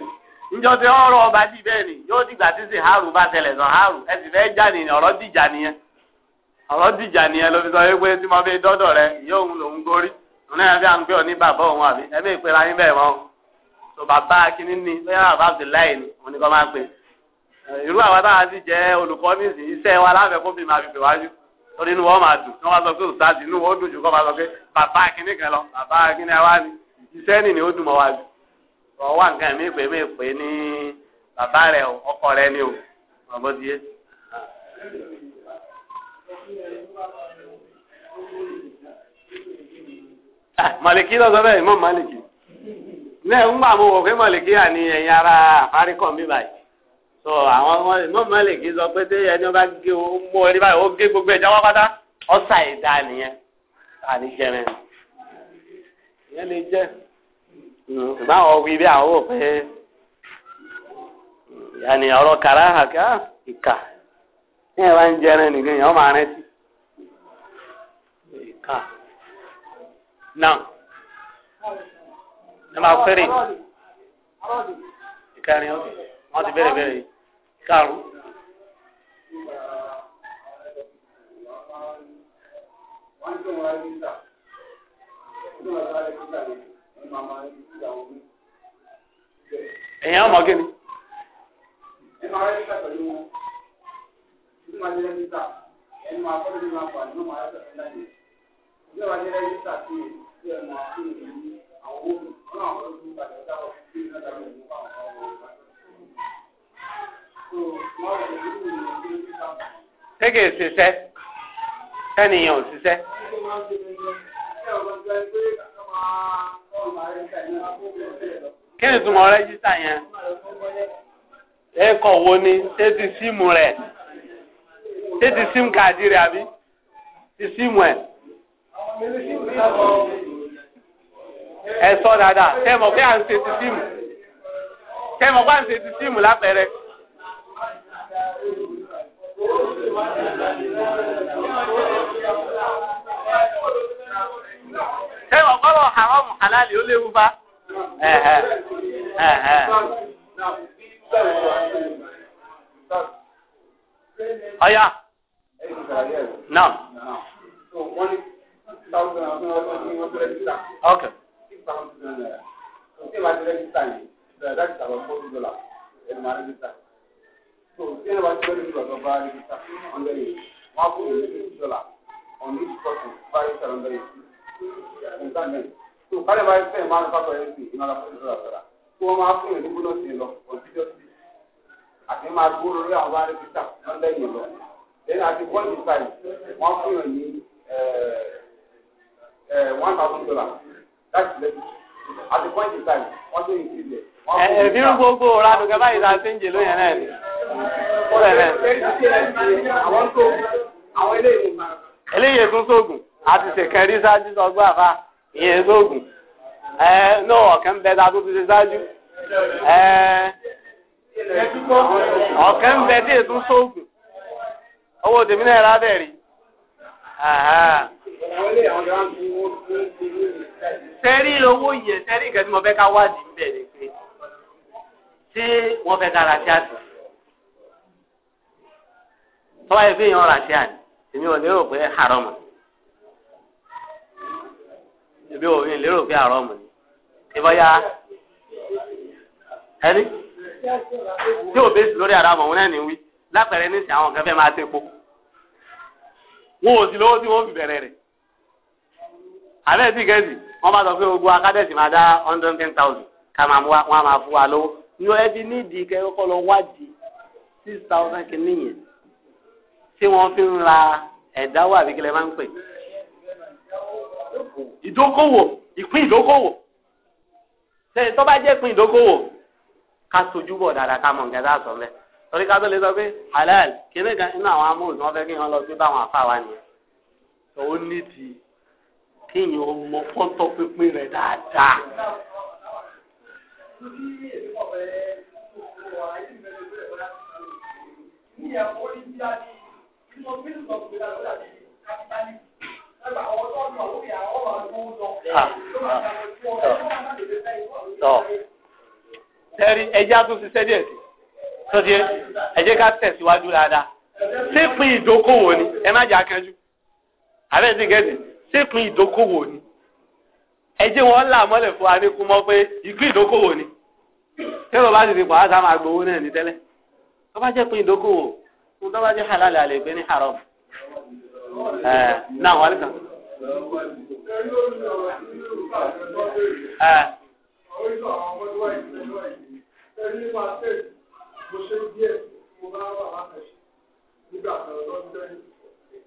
ọba bẹ́ẹ̀ ni yóò dìgbà tí sì hàrù bá sàn hàrù fẹ́ jà ọ̀rọ̀ dìjà nìyẹn ọ̀rọ̀ sọ tí mo fi dọ́dọ̀ lòún gorí òun náà fi à ọ ní bàbá òun tó bàbá kínní ni bóyá bàbá Abdullahi ni òun ni kò máa ń pè irú àwọn táwọn ti jẹ́ olùkọ́ nísìnyí iṣẹ́ wa láfẹ́ kó fi máa fi pè wájú torí inú wọn máa dùn tí wọn bá sọ pé òṣàdì inú wọn ó dùn jù kọ́ máa sọ pé bàbá kínní kan lọ bàbá kínní wa ni iṣẹ́ nì ni ó dùn mọ́ wa jù ọ̀ wá nǹkan mi pè mí pè ní bàbá rẹ o ọkọ rẹ ni o ọ̀bọ ti yé. Ah, Màlìkí lọ sọ bẹ́ẹ̀ mọ́ Màlìkí. lẹ́ẹ̀ ń gbà mo ni ara àfárikọ̀ mi báyìí so àwọn ọmọ ìmọ̀ mọ̀lẹ́kí sọ pé tí ẹni bá gé o mú ẹni báyìí ó gé gbogbo ẹja pátá ọ̀sà ìdá nìyẹn àní jẹrin ìyẹn lè jẹ bí àwọn òfin yanni ọ̀rọ̀ àká ah, ìkà ní nìkan yẹn máa ìkà náà. ní máa fẹ́rẹ̀ ìkẹrin ọ̀sẹ̀ wọ́n ti bẹ̀rẹ̀ bẹ̀rẹ̀ ìkarùn. èèyàn ọmọ gíní. Thank you ṣé kìí ṣiṣẹ́ kẹ́niyàn ò ṣiṣẹ́. kí ni túmọ̀ rẹ́jísítà yẹn? ẹ̀kọ́ wo ni ṣé ti síìmù rẹ̀ ṣé ti síìmù káàdì rẹ̀ àbí ti Sim ẹ̀. ẹ sọ dáadáa tẹmọ pé à ń ṣe ti síìmù tẹmọ pé à ń ṣe ti síìmù lápẹẹrẹ. tẹmọ kọlọ haram halali ó léwu bá. ọyá náà. Okay. seventy thousand naira so tí a bá ti rẹ́gísítà yìí bẹ̀rẹ̀ láti sàrọ̀ forty dollar ẹni máa rẹ́gísítà so tí ẹ bá ti rẹ́gísítà lọ́dọ̀ bá rẹ́gísítà hundred yìí wọ́n á kó èyí fifty dollar on each person bá rẹ́gísítà hundred yìí ẹ̀ńtà mẹ́rin so kálí bá fẹ́ máa ń fàtọ̀ ẹ̀ sí ìnáwó forty dollar sọ̀rọ̀ kí wọ́n máa fún yẹn ní bónọ́sì lọ continuously àti máa gbóró lórí àwọn bá rẹ́gísítà hundred yìí lọ lẹ́yìn àti one to five wọ́n fún yẹn ní one thousand dollar láti lẹ́yìn àti pọ́ǹtì táyì wọ́n tó yìí sílẹ̀. ẹ̀ẹ́dì ń gbogbo ránù kẹfà yìí láti ń jè lóyún náà ni. eléyìí ègún sóògùn a ti ṣèkẹ́ rí ṣáájú sọgbọ́n àfa ìyẹn sóògùn ẹ̀ẹ́ ní ọ̀kẹ́ ń bẹ ta tó ti ṣe ṣáájú ẹ̀ẹ́ ọ̀kẹ́ ń bẹ tí ètò sóògùn owó tèmi náà rà rí sẹ́rí lówó yẹ sẹ́rí ìkẹ́ tí mo fẹ́ ká wádìí ń bẹ̀ ni pé ṣé wọ́n fẹ́ ká ràṣíà tó tọ́wá yẹ fẹ́yàn ràṣíà ni èmi ò lérò pé haram èmi ò lérò pé haram ni ìbáyà ẹni tí ò bẹ́sì lórí ara mọ̀ wọn náà ní wí lápẹ̀rẹ̀ ní sẹ́ àwọn kan fẹ́ máa tẹ́ po wọn ò sí lówó tí wọ́n fi bẹ̀rẹ̀ rẹ̀ àbẹ́ tí kẹ́sì wọ́n bá sọ pé gbogbo akádẹ́sì máa dá hundred ten thousand ká máa wá wọ́n á máa fún wa lówó ní ẹbí nídìí kẹ́kọ́ lọ wádìí six thousand kìíní yẹn tí wọ́n fi ń ra ẹ̀dáwó àbí kílẹ̀ máa ń pè. ìdókòwò ìpín ìdókòwò ṣe tó bá jẹ́ ìpín ìdókòwò ká sojú bọ̀ dáadáa ká mọ̀ nǹkan sọ mẹ́ torí ká tó lè sọ pé halal kìíní kan inú àwọn amóhùn tí wọ́n fẹ́ kí wọ́n lọ gbé báwọn afáwa nìyẹn tó ó ní ti kéèyàn mọ kọ́ńtọ̀ pínpín rẹ̀ dáadáa. Tẹ́rí ẹja tó ṣiṣẹ́ díẹ̀ sí. Sọ́dí ẹ jẹ́ ká tẹ̀síwájú dáadáa. Ṣé pin ìdókòwò ni? Ẹ má jà kánjú. Àbẹ̀sí gẹ̀ẹ́sì. sípin ìdókòwò ni ẹ jẹ́ wọn là mọ́lẹ̀ fún wa ní kú ni tí bá ti di pàápàá máa gbowó náà ní tẹ́lẹ̀ tó bá jẹ́ pin ìdókòwò tó tó bá jẹ́ halal àlè gbé ní haram náà kàn.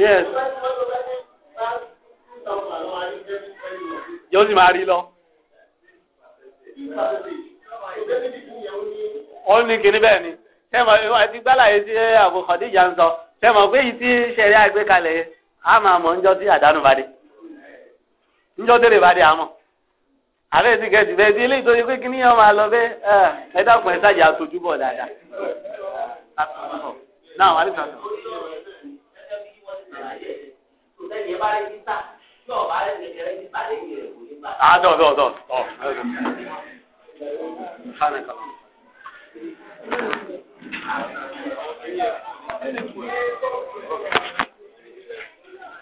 yes yóò sì máa rí lọ. ó ní kinní bẹ́ẹ̀ ni sẹ́mọ̀ àti gbálàyé tí Abu Khadija ń sọ sẹ́mọ̀ pé èyí tí àgbékalẹ̀ yẹn a máa mọ̀ níjọ́ tí àdánù bá dé níjọ́ tèrè bá àmọ́ àbẹ́ ti kẹ́sì bẹ́ẹ̀ tí eléyìí tó yẹ pé kí níyàn máa lọ bẹ́ẹ̀ ẹ dákun ẹ sáàjì àtòjúbọ̀ dáadáa náà wà nígbà tó. Ah, no, no, no. Oh, okay.